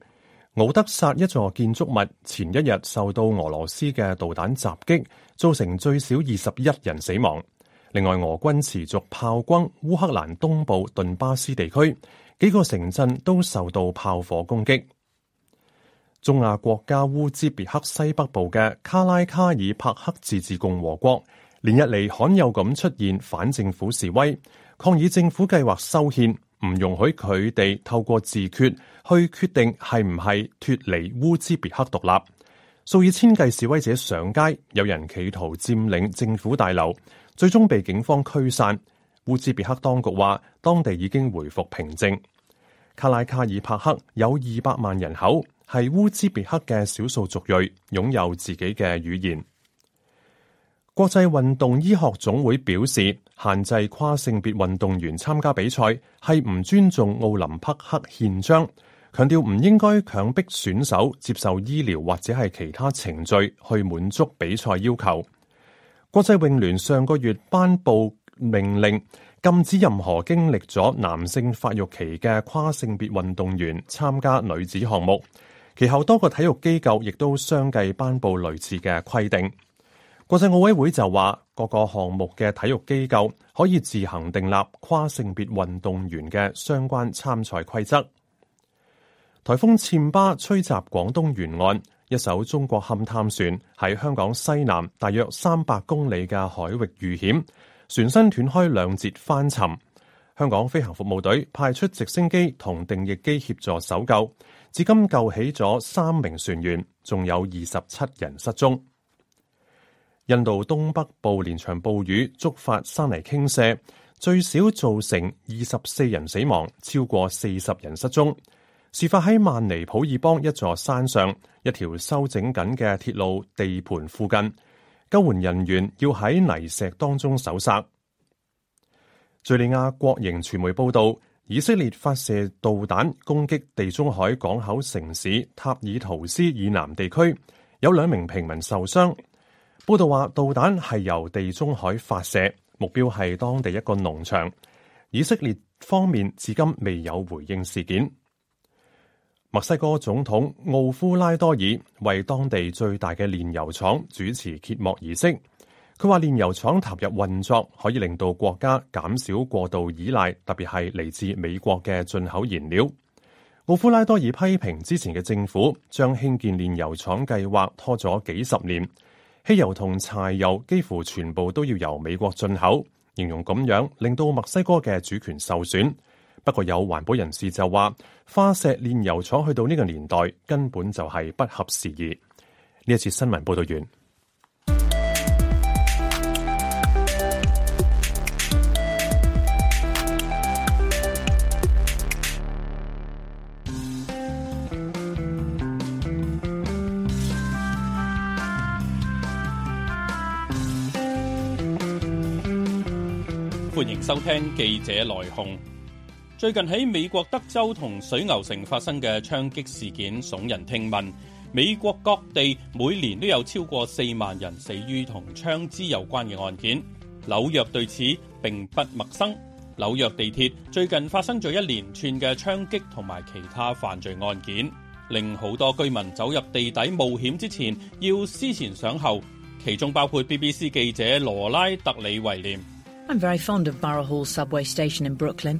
敖德薩一座建築物前一日受到俄羅斯嘅導彈襲擊，造成最少二十一人死亡。另外，俄軍持續炮轟烏克蘭東部頓巴斯地區。幾個城鎮都受到炮火攻擊。中亞國家烏茲別克西北部嘅卡拉卡爾帕克自治共和國，連日嚟罕有咁出現反政府示威，抗議政府計劃修憲，唔容許佢哋透過自決去決定係唔係脫離烏茲別克獨立。數以千計示威者上街，有人企圖佔領政府大樓，最終被警方驅散。烏茲別克當局話，當地已經恢復平靜。卡拉卡爾帕克有二百萬人口，係烏茲別克嘅少數族裔，擁有自己嘅語言。國際運動醫學總會表示，限制跨性別運動員參加比賽係唔尊重奧林匹克憲章，強調唔應該強迫選手接受醫療或者係其他程序去滿足比賽要求。國際泳聯上個月頒布。命令禁止任何經歷咗男性發育期嘅跨性別運動員參加女子項目。其後多個體育機構亦都相繼頒布類似嘅規定。國際奧委會就話，各個項目嘅體育機構可以自行訂立跨性別運動員嘅相關參賽規則。台風暹巴吹襲廣東沿岸，一艘中國勘探船喺香港西南大約三百公里嘅海域遇險。船身斷開兩節翻沉，香港飛行服務隊派出直升機同定翼機協助搜救，至今救起咗三名船員，仲有二十七人失蹤。印度東北部連場暴雨觸發山泥傾瀉，最少造成二十四人死亡，超過四十人失蹤。事發喺曼尼普爾邦一座山上，一條修整緊嘅鐵路地盤附近。救援人員要喺泥石當中搜索。敍利亞國營傳媒報道，以色列發射導彈攻擊地中海港口城市塔爾圖斯以南地區，有兩名平民受傷。報道話，導彈係由地中海發射，目標係當地一個農場。以色列方面至今未有回應事件。墨西哥總統奧夫拉多爾為當地最大嘅煉油廠主持揭幕儀式。佢話煉油廠投入運作可以令到國家減少過度依賴，特別係嚟自美國嘅進口燃料。奧夫拉多爾批評之前嘅政府將興建煉油廠計劃拖咗幾十年，汽油同柴油幾乎全部都要由美國進口，形容咁樣令到墨西哥嘅主權受損。不過有環保人士就話。花石煉油廠去到呢個年代，根本就係不合時宜。呢一次新聞報道完，歡迎收聽記者來鴻。最近喺美國德州同水牛城發生嘅槍擊事件，悚人聽聞。美國各地每年都有超過四萬人死於同槍支有關嘅案件。紐約對此並不陌生。紐約地鐵最近發生咗一連串嘅槍擊同埋其他犯罪案件，令好多居民走入地底冒險之前要思前想後，其中包括 BBC 記者羅拉特里維廉。I'm very fond of Borough Hall Subway Station in Brooklyn.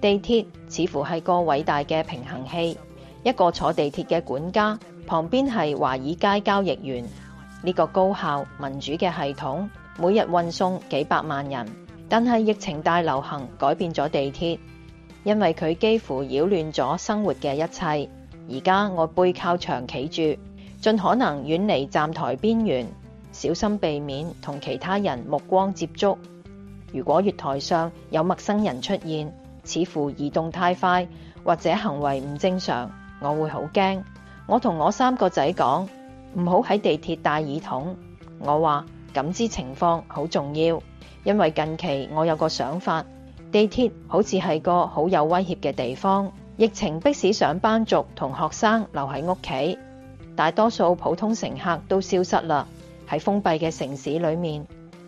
地鐵似乎係個偉大嘅平衡器，一個坐地鐵嘅管家旁邊係華爾街交易員，呢個高效民主嘅系統，每日運送幾百萬人。但係疫情大流行改變咗地鐵，因為佢幾乎擾亂咗生活嘅一切。而家我背靠牆企住，盡可能遠離站台邊緣，小心避免同其他人目光接觸。如果月台上有陌生人出現，似乎移動太快或者行為唔正常，我會好驚。我同我三個仔講唔好喺地鐵戴耳筒。我話感知情況好重要，因為近期我有個想法，地鐵好似係個好有威脅嘅地方。疫情迫使上班族同學生留喺屋企，大多數普通乘客都消失啦。喺封閉嘅城市裏面，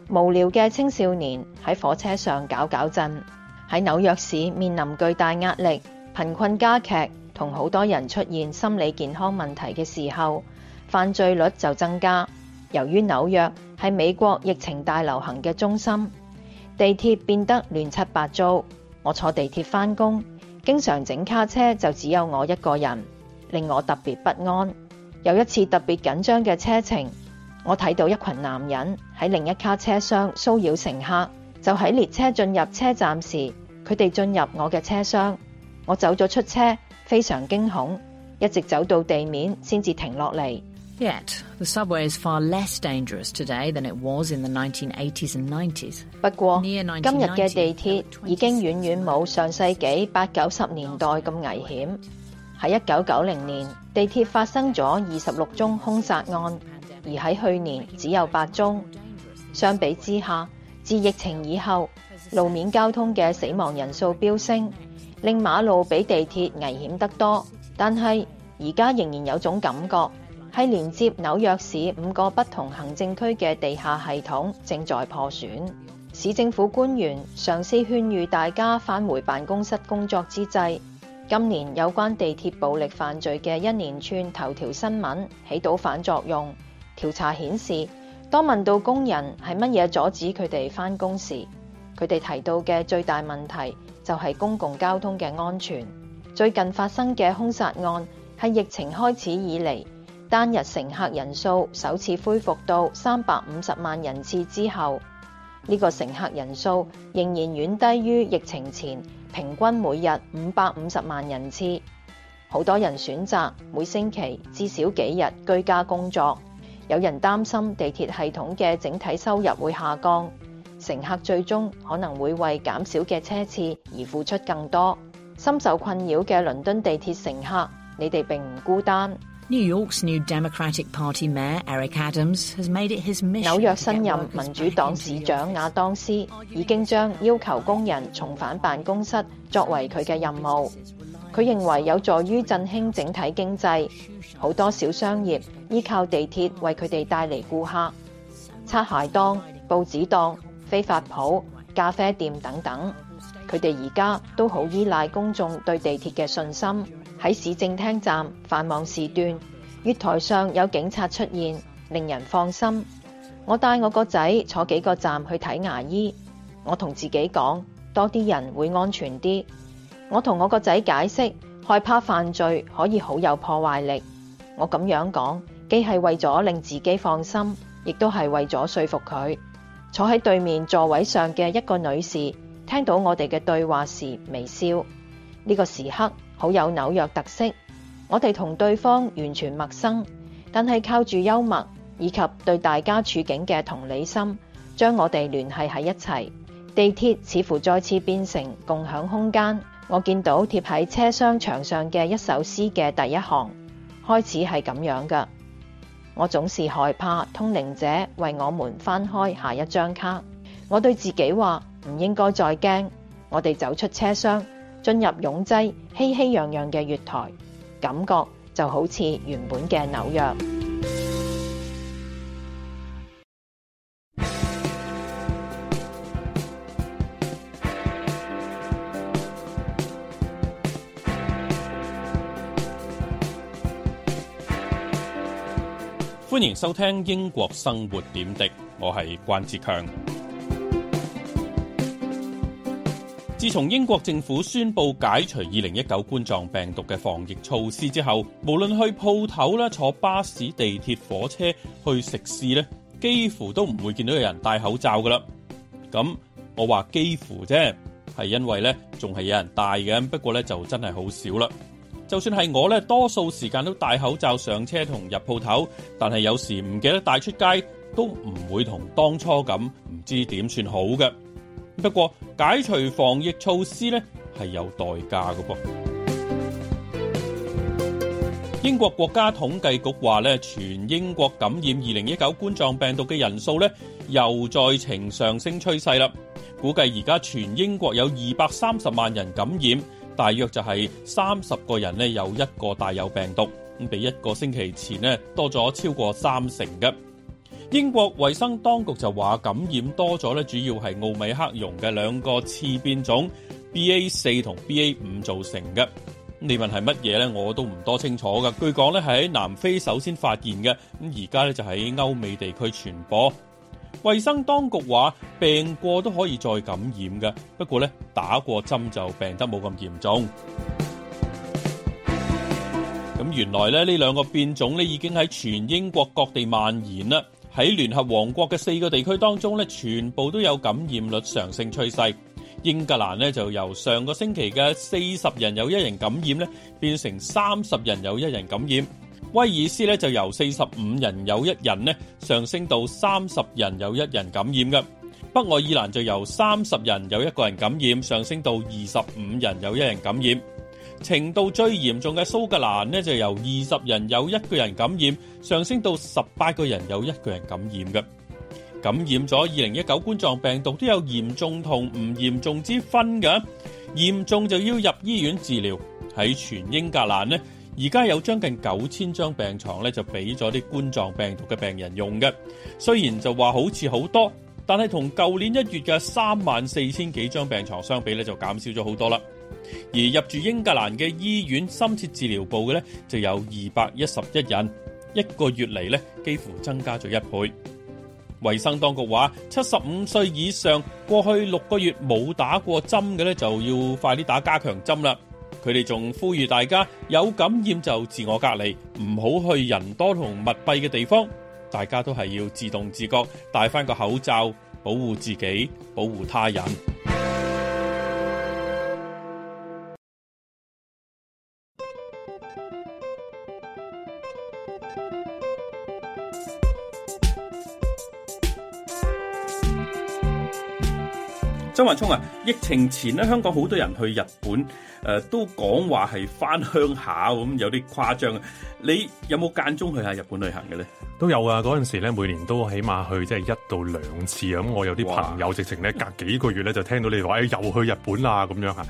無聊嘅青少年喺火車上搞搞震。喺紐約市面臨巨大壓力、貧困加劇同好多人出現心理健康問題嘅時候，犯罪率就增加。由於紐約係美國疫情大流行嘅中心，地鐵變得亂七八糟。我坐地鐵返工，經常整卡車就只有我一個人，令我特別不安。有一次特別緊張嘅車程，我睇到一群男人喺另一卡車廂騷擾乘客。就喺列車進入車站時，佢哋進入我嘅車廂，我走咗出車，非常驚恐，一直走到地面先至停落嚟。Yet the subway is far less dangerous today than it was in the 1980s and 90s. 不過，今日嘅地鐵已經遠遠冇上世紀八九十年代咁危險。喺一九九零年，地鐵發生咗二十六宗兇殺案，而喺去年只有八宗。相比之下，自疫情以後，路面交通嘅死亡人數飆升，令馬路比地鐵危險得多。但係而家仍然有種感覺，係連接紐約市五個不同行政區嘅地下系統正在破損，市政府官員嘗試勸喻大家返回辦公室工作之際，今年有關地鐵暴力犯罪嘅一連串頭條新聞起到反作用。調查顯示。當問到工人係乜嘢阻止佢哋返工時，佢哋提到嘅最大問題就係公共交通嘅安全。最近發生嘅兇殺案係疫情開始以嚟單日乘客人數首次恢復到三百五十萬人次之後，呢個乘客人數仍然遠低於疫情前平均每日五百五十萬人次。好多人選擇每星期至少幾日居家工作。有人擔心地鐵系統嘅整體收入會下降，乘客最終可能會為減少嘅車次而付出更多。深受困擾嘅倫敦地鐵乘客，你哋並唔孤單。紐約新任民主黨市長亞當斯已經將要求工人重返辦公室作為佢嘅任務。佢認為有助於振興整體經濟，好多小商業依靠地鐵為佢哋帶嚟顧客，擦鞋檔、報紙檔、非法鋪、咖啡店等等，佢哋而家都好依賴公眾對地鐵嘅信心。喺市政廳站繁忙時段，月台上有警察出現，令人放心。我帶我個仔坐幾個站去睇牙醫，我同自己講多啲人會安全啲。我同我個仔解釋，害怕犯罪可以好有破壞力。我咁樣講，既係為咗令自己放心，亦都係為咗說服佢。坐喺對面座位上嘅一個女士聽到我哋嘅對話時，微笑。呢個時刻好有紐約特色。我哋同對方完全陌生，但係靠住幽默以及對大家處境嘅同理心，將我哋聯繫喺一齊。地鐵似乎再次變成共享空間。我見到貼喺車廂牆上嘅一首詩嘅第一行，開始係咁樣㗎。我總是害怕通靈者為我們翻開下一張卡。我對自己話唔應該再驚。我哋走出車廂，進入擁擠、熙熙攘攘嘅月台，感覺就好似原本嘅紐約。歡迎收聽《英國生活點滴》，我係關志強。自從英國政府宣佈解除二零一九冠狀病毒嘅防疫措施之後，無論去鋪頭咧，坐巴士、地鐵、火車去食肆咧，幾乎都唔會見到有人戴口罩噶啦。咁我話幾乎啫，係因為咧，仲係有人戴嘅，不過咧就真係好少啦。就算係我咧，多數時間都戴口罩上車同入鋪頭，但係有時唔記得帶出街，都唔會同當初咁，唔知點算好嘅。不過解除防疫措施咧，係有代價嘅噃。英國國家統計局話咧，全英國感染二零一九冠狀病毒嘅人數呢又再呈上升趨勢啦。估計而家全英國有二百三十萬人感染。大約就係三十個人咧，有一個帶有病毒咁，比一個星期前多咗超過三成嘅。英國衛生當局就話感染多咗咧，主要係奧米克戎嘅兩個次變種 B A 四同 B A 五造成嘅。你問係乜嘢咧？我都唔多清楚嘅。據講咧，喺南非首先發現嘅，咁而家咧就喺歐美地區傳播。衛生當局話病過都可以再感染嘅，不過咧打過針就病得冇咁嚴重。咁原來咧呢兩個變種咧已經喺全英國各地蔓延啦。喺聯合王國嘅四個地區當中咧，全部都有感染率上升趨勢。英格蘭咧就由上個星期嘅四十人有一人感染咧，變成三十人有一人感染。威爾斯咧就由四十五人有一人，咧上升到三十人有一人感染嘅。北愛爾蘭就由三十人有一個人感染上升到二十五人有一人感染，程度最嚴重嘅蘇格蘭咧就由二十人有一個人感染上升到十八個人有一個人感染嘅。感染咗二零一九冠狀病毒都有嚴重同唔嚴重之分嘅，嚴重就要入醫院治療。喺全英格蘭咧而家有將近九千張病床咧，就俾咗啲冠狀病毒嘅病人用嘅。雖然就話好似好多，但係同舊年一月嘅三萬四千幾張病床相比咧，就減少咗好多啦。而入住英格蘭嘅醫院深切治療部嘅咧，就有二百一十一人，一個月嚟咧幾乎增加咗一倍。衛生當局話，七十五歲以上過去六個月冇打過針嘅咧，就要快啲打加強針啦。佢哋仲呼籲大家有感染就自我隔離，唔好去人多同密閉嘅地方。大家都係要自動自覺戴翻個口罩，保護自己，保護他人。張華聰啊，疫情前咧，香港好多人去日本，誒、呃，都講話係返鄉下咁，有啲誇張啊。你有冇間中去下日本旅行嘅咧？都有啊，嗰陣時咧，每年都起碼去即係一到兩次咁，嗯，我有啲朋友哇直情咧，隔幾個月咧就聽到你話誒、 哎，又去日本啦咁樣吓。咁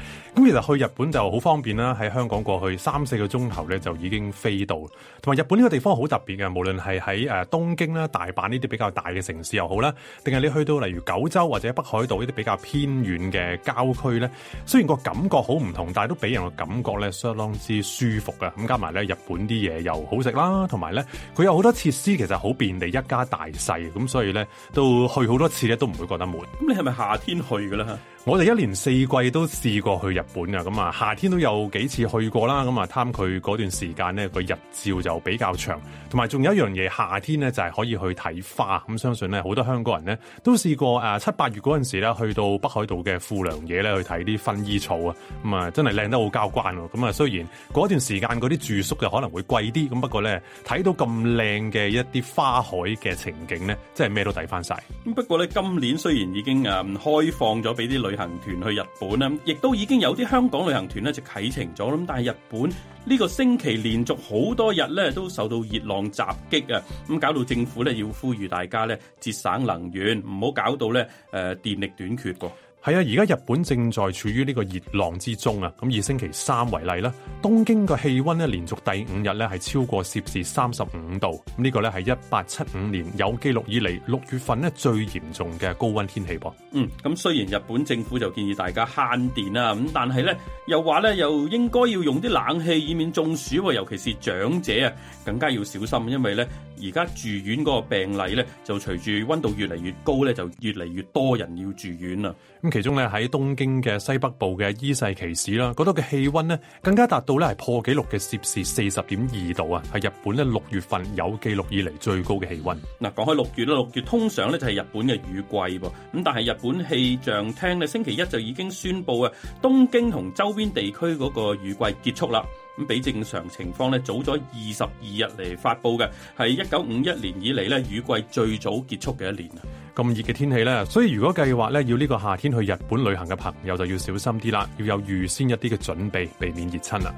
其實去日本就好方便啦，喺香港過去三四個鐘頭咧，就已經飛到。同埋日本呢個地方好特別嘅，無論係喺誒東京啦、大阪呢啲比較大嘅城市又好啦，定係你去到例如九州或者北海道呢啲比較偏。偏遠嘅郊區咧，雖然個感覺好唔同，但係都俾人個感覺咧相當之舒服嘅。咁加埋咧，日本啲嘢又好食啦，同埋咧，佢有好多設施，其實好便利一家大細，咁所以咧都去好多次咧都唔會覺得悶。咁你係咪夏天去㗎啦？我哋一年四季都試過去日本啊，咁、嗯、啊夏天都有幾次去過啦，咁啊貪佢嗰段時間呢，個日照就比較長，同埋仲有一樣嘢，夏天呢就係、是、可以去睇花。咁、嗯、相信呢，好多香港人呢都試過啊七八月嗰陣時呢，去到北海道嘅富良野呢，去睇啲薰衣草啊，咁、嗯、啊、嗯、真係靚得好交關喎。咁、嗯、啊雖然嗰段時間嗰啲住宿就可能會貴啲，咁、嗯、不過呢，睇到咁靚嘅一啲花海嘅情景呢，真係咩都抵翻晒。咁不過呢，今年雖然已經誒開放咗俾啲旅，旅行團去日本咧，亦都已經有啲香港旅行團咧就啟程咗咁，但係日本呢個星期連續好多日咧都受到熱浪襲擊啊，咁搞到政府咧要呼籲大家咧節省能源，唔好搞到咧誒電力短缺。係啊，而家日本正在處於呢個熱浪之中啊！咁以星期三為例啦，東京嘅氣温咧連續第五日咧係超過攝氏三十五度，咁呢個咧係一八七五年有記錄以嚟六月份咧最嚴重嘅高温天氣噃。嗯，咁雖然日本政府就建議大家慳電啊，咁但係咧又話咧又應該要用啲冷氣，以免中暑，尤其是長者啊更加要小心，因為咧。而家住院嗰個病例咧，就隨住温度越嚟越高咧，就越嚟越多人要住院啦。咁其中咧喺東京嘅西北部嘅伊勢崎市啦，嗰度嘅氣温呢，更加達到咧係破紀錄嘅攝氏四十點二度啊，係日本咧六月份有紀錄以嚟最高嘅氣温。嗱，講開六月啦，六月通常咧就係日本嘅雨季噃。咁但係日本氣象廳咧星期一就已經宣布啊，東京同周邊地區嗰個雨季結束啦。比正常情況咧早咗二十二日嚟，發布嘅，係一九五一年以嚟咧雨季最早結束嘅一年啊！咁熱嘅天氣咧，所以如果計劃咧要呢個夏天去日本旅行嘅朋友就要小心啲啦，要有預先一啲嘅準備，避免熱親啦。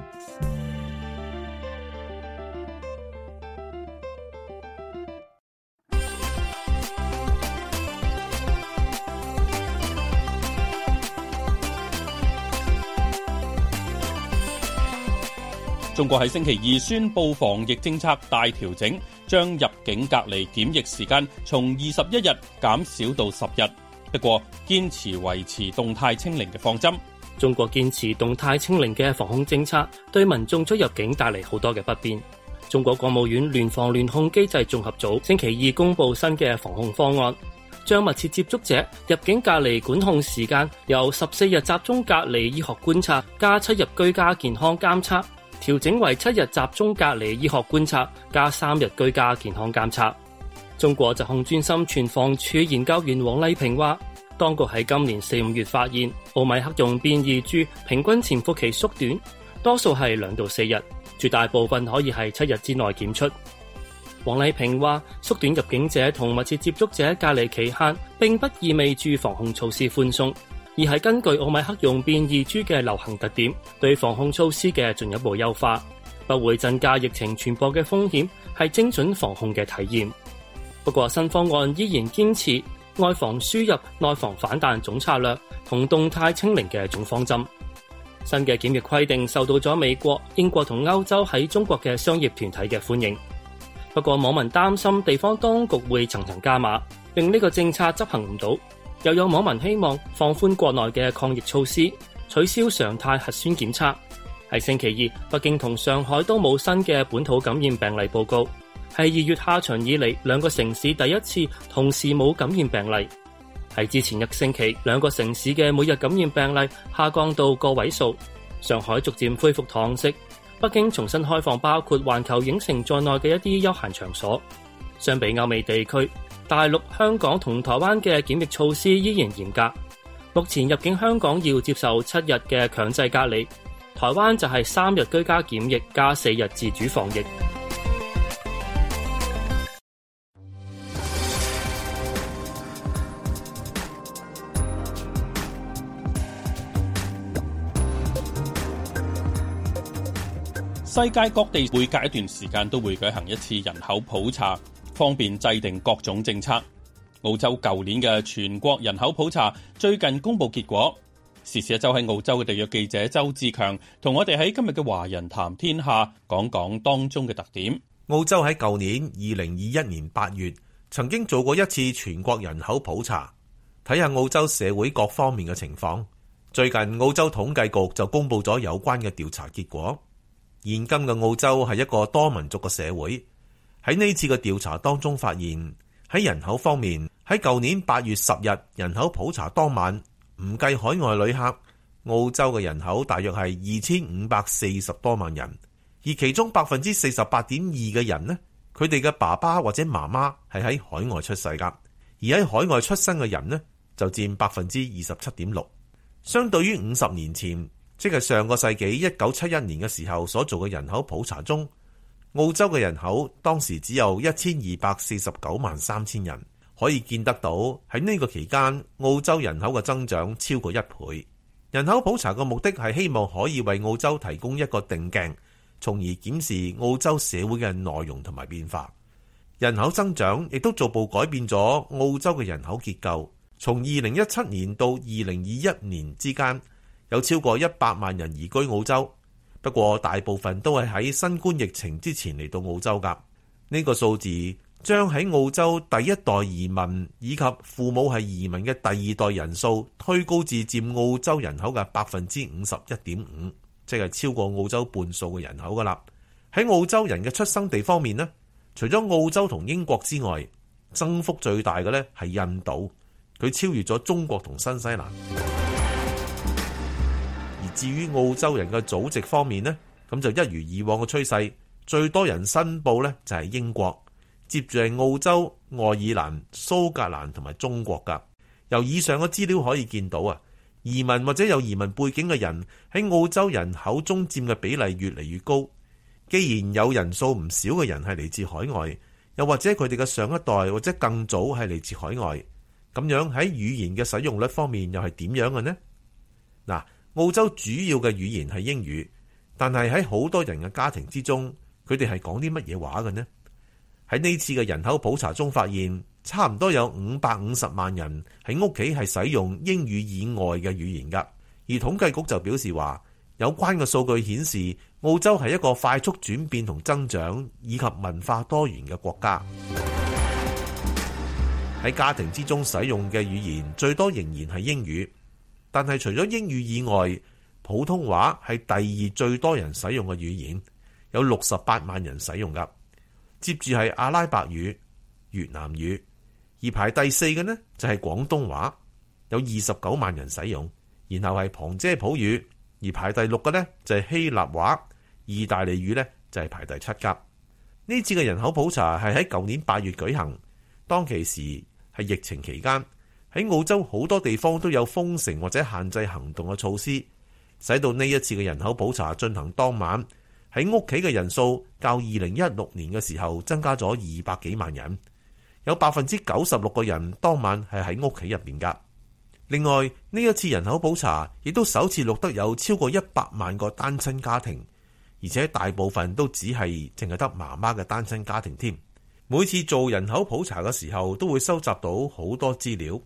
中國喺星期二宣布防疫政策大調整，將入境隔離檢疫時間從二十一日減少到十日。不過堅持維持動態清零嘅方針。中國堅持動態清零嘅防控政策，對民眾出入境帶嚟好多嘅不便。中國國務院聯防聯控機制綜合組星期二公布新嘅防控方案，將密切接觸者入境隔離管控時間由十四日集中隔離醫學觀察加七日居家健康監測。調整為七日集中隔離、醫學觀察加三日居家健康監測。中國疾控中心傳防處研究員王麗萍話：當局喺今年四五月發現奧米克戎變異株平均潛伏期縮短，多數係兩到四日，絕大部分可以係七日之內檢出。王麗萍話：縮短入境者同密切接觸者隔離期限並不意味著防控措施寬鬆。而係根據奧米克戎變異株嘅流行特點，對防控措施嘅進一步優化，不會增加疫情傳播嘅風險，係精準防控嘅體驗。不過新方案依然堅持外防輸入、內防反彈總策略同動態清零嘅總方針。新嘅檢疫規定受到咗美國、英國同歐洲喺中國嘅商業團體嘅歡迎。不過網民擔心地方當局會層層加碼，令呢個政策執行唔到。又有網民希望放寬國內嘅抗疫措施，取消常態核酸檢測。係星期二，北京同上海都冇新嘅本土感染病例報告，係二月下旬以嚟兩個城市第一次同時冇感染病例。係之前一星期，兩個城市嘅每日感染病例下降到個位數。上海逐漸恢復堂食，北京重新開放包括環球影城在內嘅一啲休閒場所。相比歐美地區。大陸、香港同台灣嘅檢疫措施依然嚴格。目前入境香港要接受七日嘅強制隔離，台灣就係三日居家檢疫加四日自主防疫。世界各地每隔一段時間都會舉行一次人口普查。方便制定各種政策。澳洲舊年嘅全國人口普查最近公布結果，時事一周喺澳洲嘅地約記者周志強同我哋喺今日嘅華人談天下講講當中嘅特點。澳洲喺舊年二零二一年八月曾經做過一次全國人口普查，睇下澳洲社會各方面嘅情況。最近澳洲統計局就公布咗有關嘅調查結果。現今嘅澳洲係一個多民族嘅社會。喺呢次嘅調查當中發現，喺人口方面，喺舊年八月十日人口普查當晚，唔計海外旅客，澳洲嘅人口大約係二千五百四十多萬人，而其中百分之四十八點二嘅人呢，佢哋嘅爸爸或者媽媽係喺海外出世㗎，而喺海外出生嘅人呢，就佔百分之二十七點六。相對於五十年前，即係上個世紀一九七一年嘅時候所做嘅人口普查中，澳洲嘅人口當時只有一千二百四十九萬三千人，可以見得到喺呢個期間，澳洲人口嘅增長超過一倍。人口普查嘅目的係希望可以為澳洲提供一個定鏡，從而檢視澳洲社會嘅內容同埋變化。人口增長亦都逐步改變咗澳洲嘅人口結構。從二零一七年到二零二一年之間，有超過一百萬人移居澳洲。不過大部分都係喺新冠疫情之前嚟到澳洲㗎，呢個數字將喺澳洲第一代移民以及父母係移民嘅第二代人數推高至佔澳洲人口嘅百分之五十一點五，即係超過澳洲半數嘅人口㗎啦。喺澳洲人嘅出生地方面呢，除咗澳洲同英國之外，增幅最大嘅呢係印度，佢超越咗中國同新西蘭。至於澳洲人嘅祖籍方面呢，咁就一如以往嘅趨勢，最多人申報呢，就係英國，接住係澳洲、愛爾蘭、蘇格蘭同埋中國㗎。由以上嘅資料可以見到啊，移民或者有移民背景嘅人喺澳洲人口中佔嘅比例越嚟越高。既然有人數唔少嘅人係嚟自海外，又或者佢哋嘅上一代或者更早係嚟自海外，咁樣喺語言嘅使用率方面又係點樣嘅呢？嗱。澳洲主要嘅語言係英語，但係喺好多人嘅家庭之中，佢哋係講啲乜嘢話嘅呢？喺呢次嘅人口普查中發現，差唔多有五百五十萬人喺屋企係使用英語以外嘅語言㗎。而統計局就表示話，有關嘅數據顯示，澳洲係一個快速轉變同增長，以及文化多元嘅國家。喺家庭之中使用嘅語言最多仍然係英語。但係除咗英語以外，普通話係第二最多人使用嘅語言，有六十八萬人使用噶。接住係阿拉伯語、越南語，而排第四嘅呢就係廣東話，有二十九萬人使用。然後係旁遮普語，而排第六嘅呢就係希臘話、意大利語呢，就係排第七噶。呢次嘅人口普查係喺舊年八月舉行，當其時係疫情期間。喺澳洲好多地方都有封城或者限制行動嘅措施，使到呢一次嘅人口普查進行當晚，喺屋企嘅人數較二零一六年嘅時候增加咗二百幾萬人有96，有百分之九十六個人當晚係喺屋企入面噶。另外呢一次人口普查亦都首次錄得有超過一百萬個單親家庭，而且大部分都只係淨係得媽媽嘅單親家庭添。每次做人口普查嘅時候都會收集到好多資料。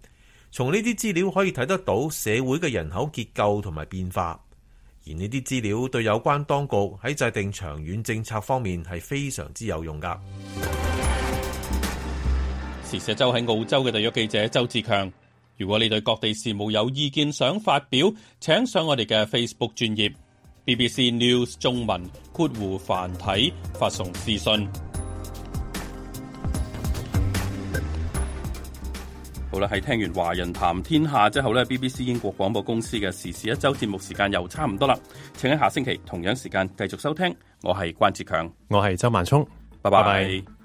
從呢啲資料可以睇得到社會嘅人口結構同埋變化，而呢啲資料對有關當局喺制定長遠政策方面係非常之有用噶。時事一周喺澳洲嘅特約記者周志強，如果你對各地事務有意見想發表，請上我哋嘅 Facebook 專頁 BBC News 中文括弧繁體發送私信。好啦，喺聽完華人談天下之後呢 BBC 英國廣播公司嘅時事一周節目時間又差唔多啦，請喺下星期同樣時間繼續收聽，我係關智強，我係周曼聰，拜拜 bye。Bye bye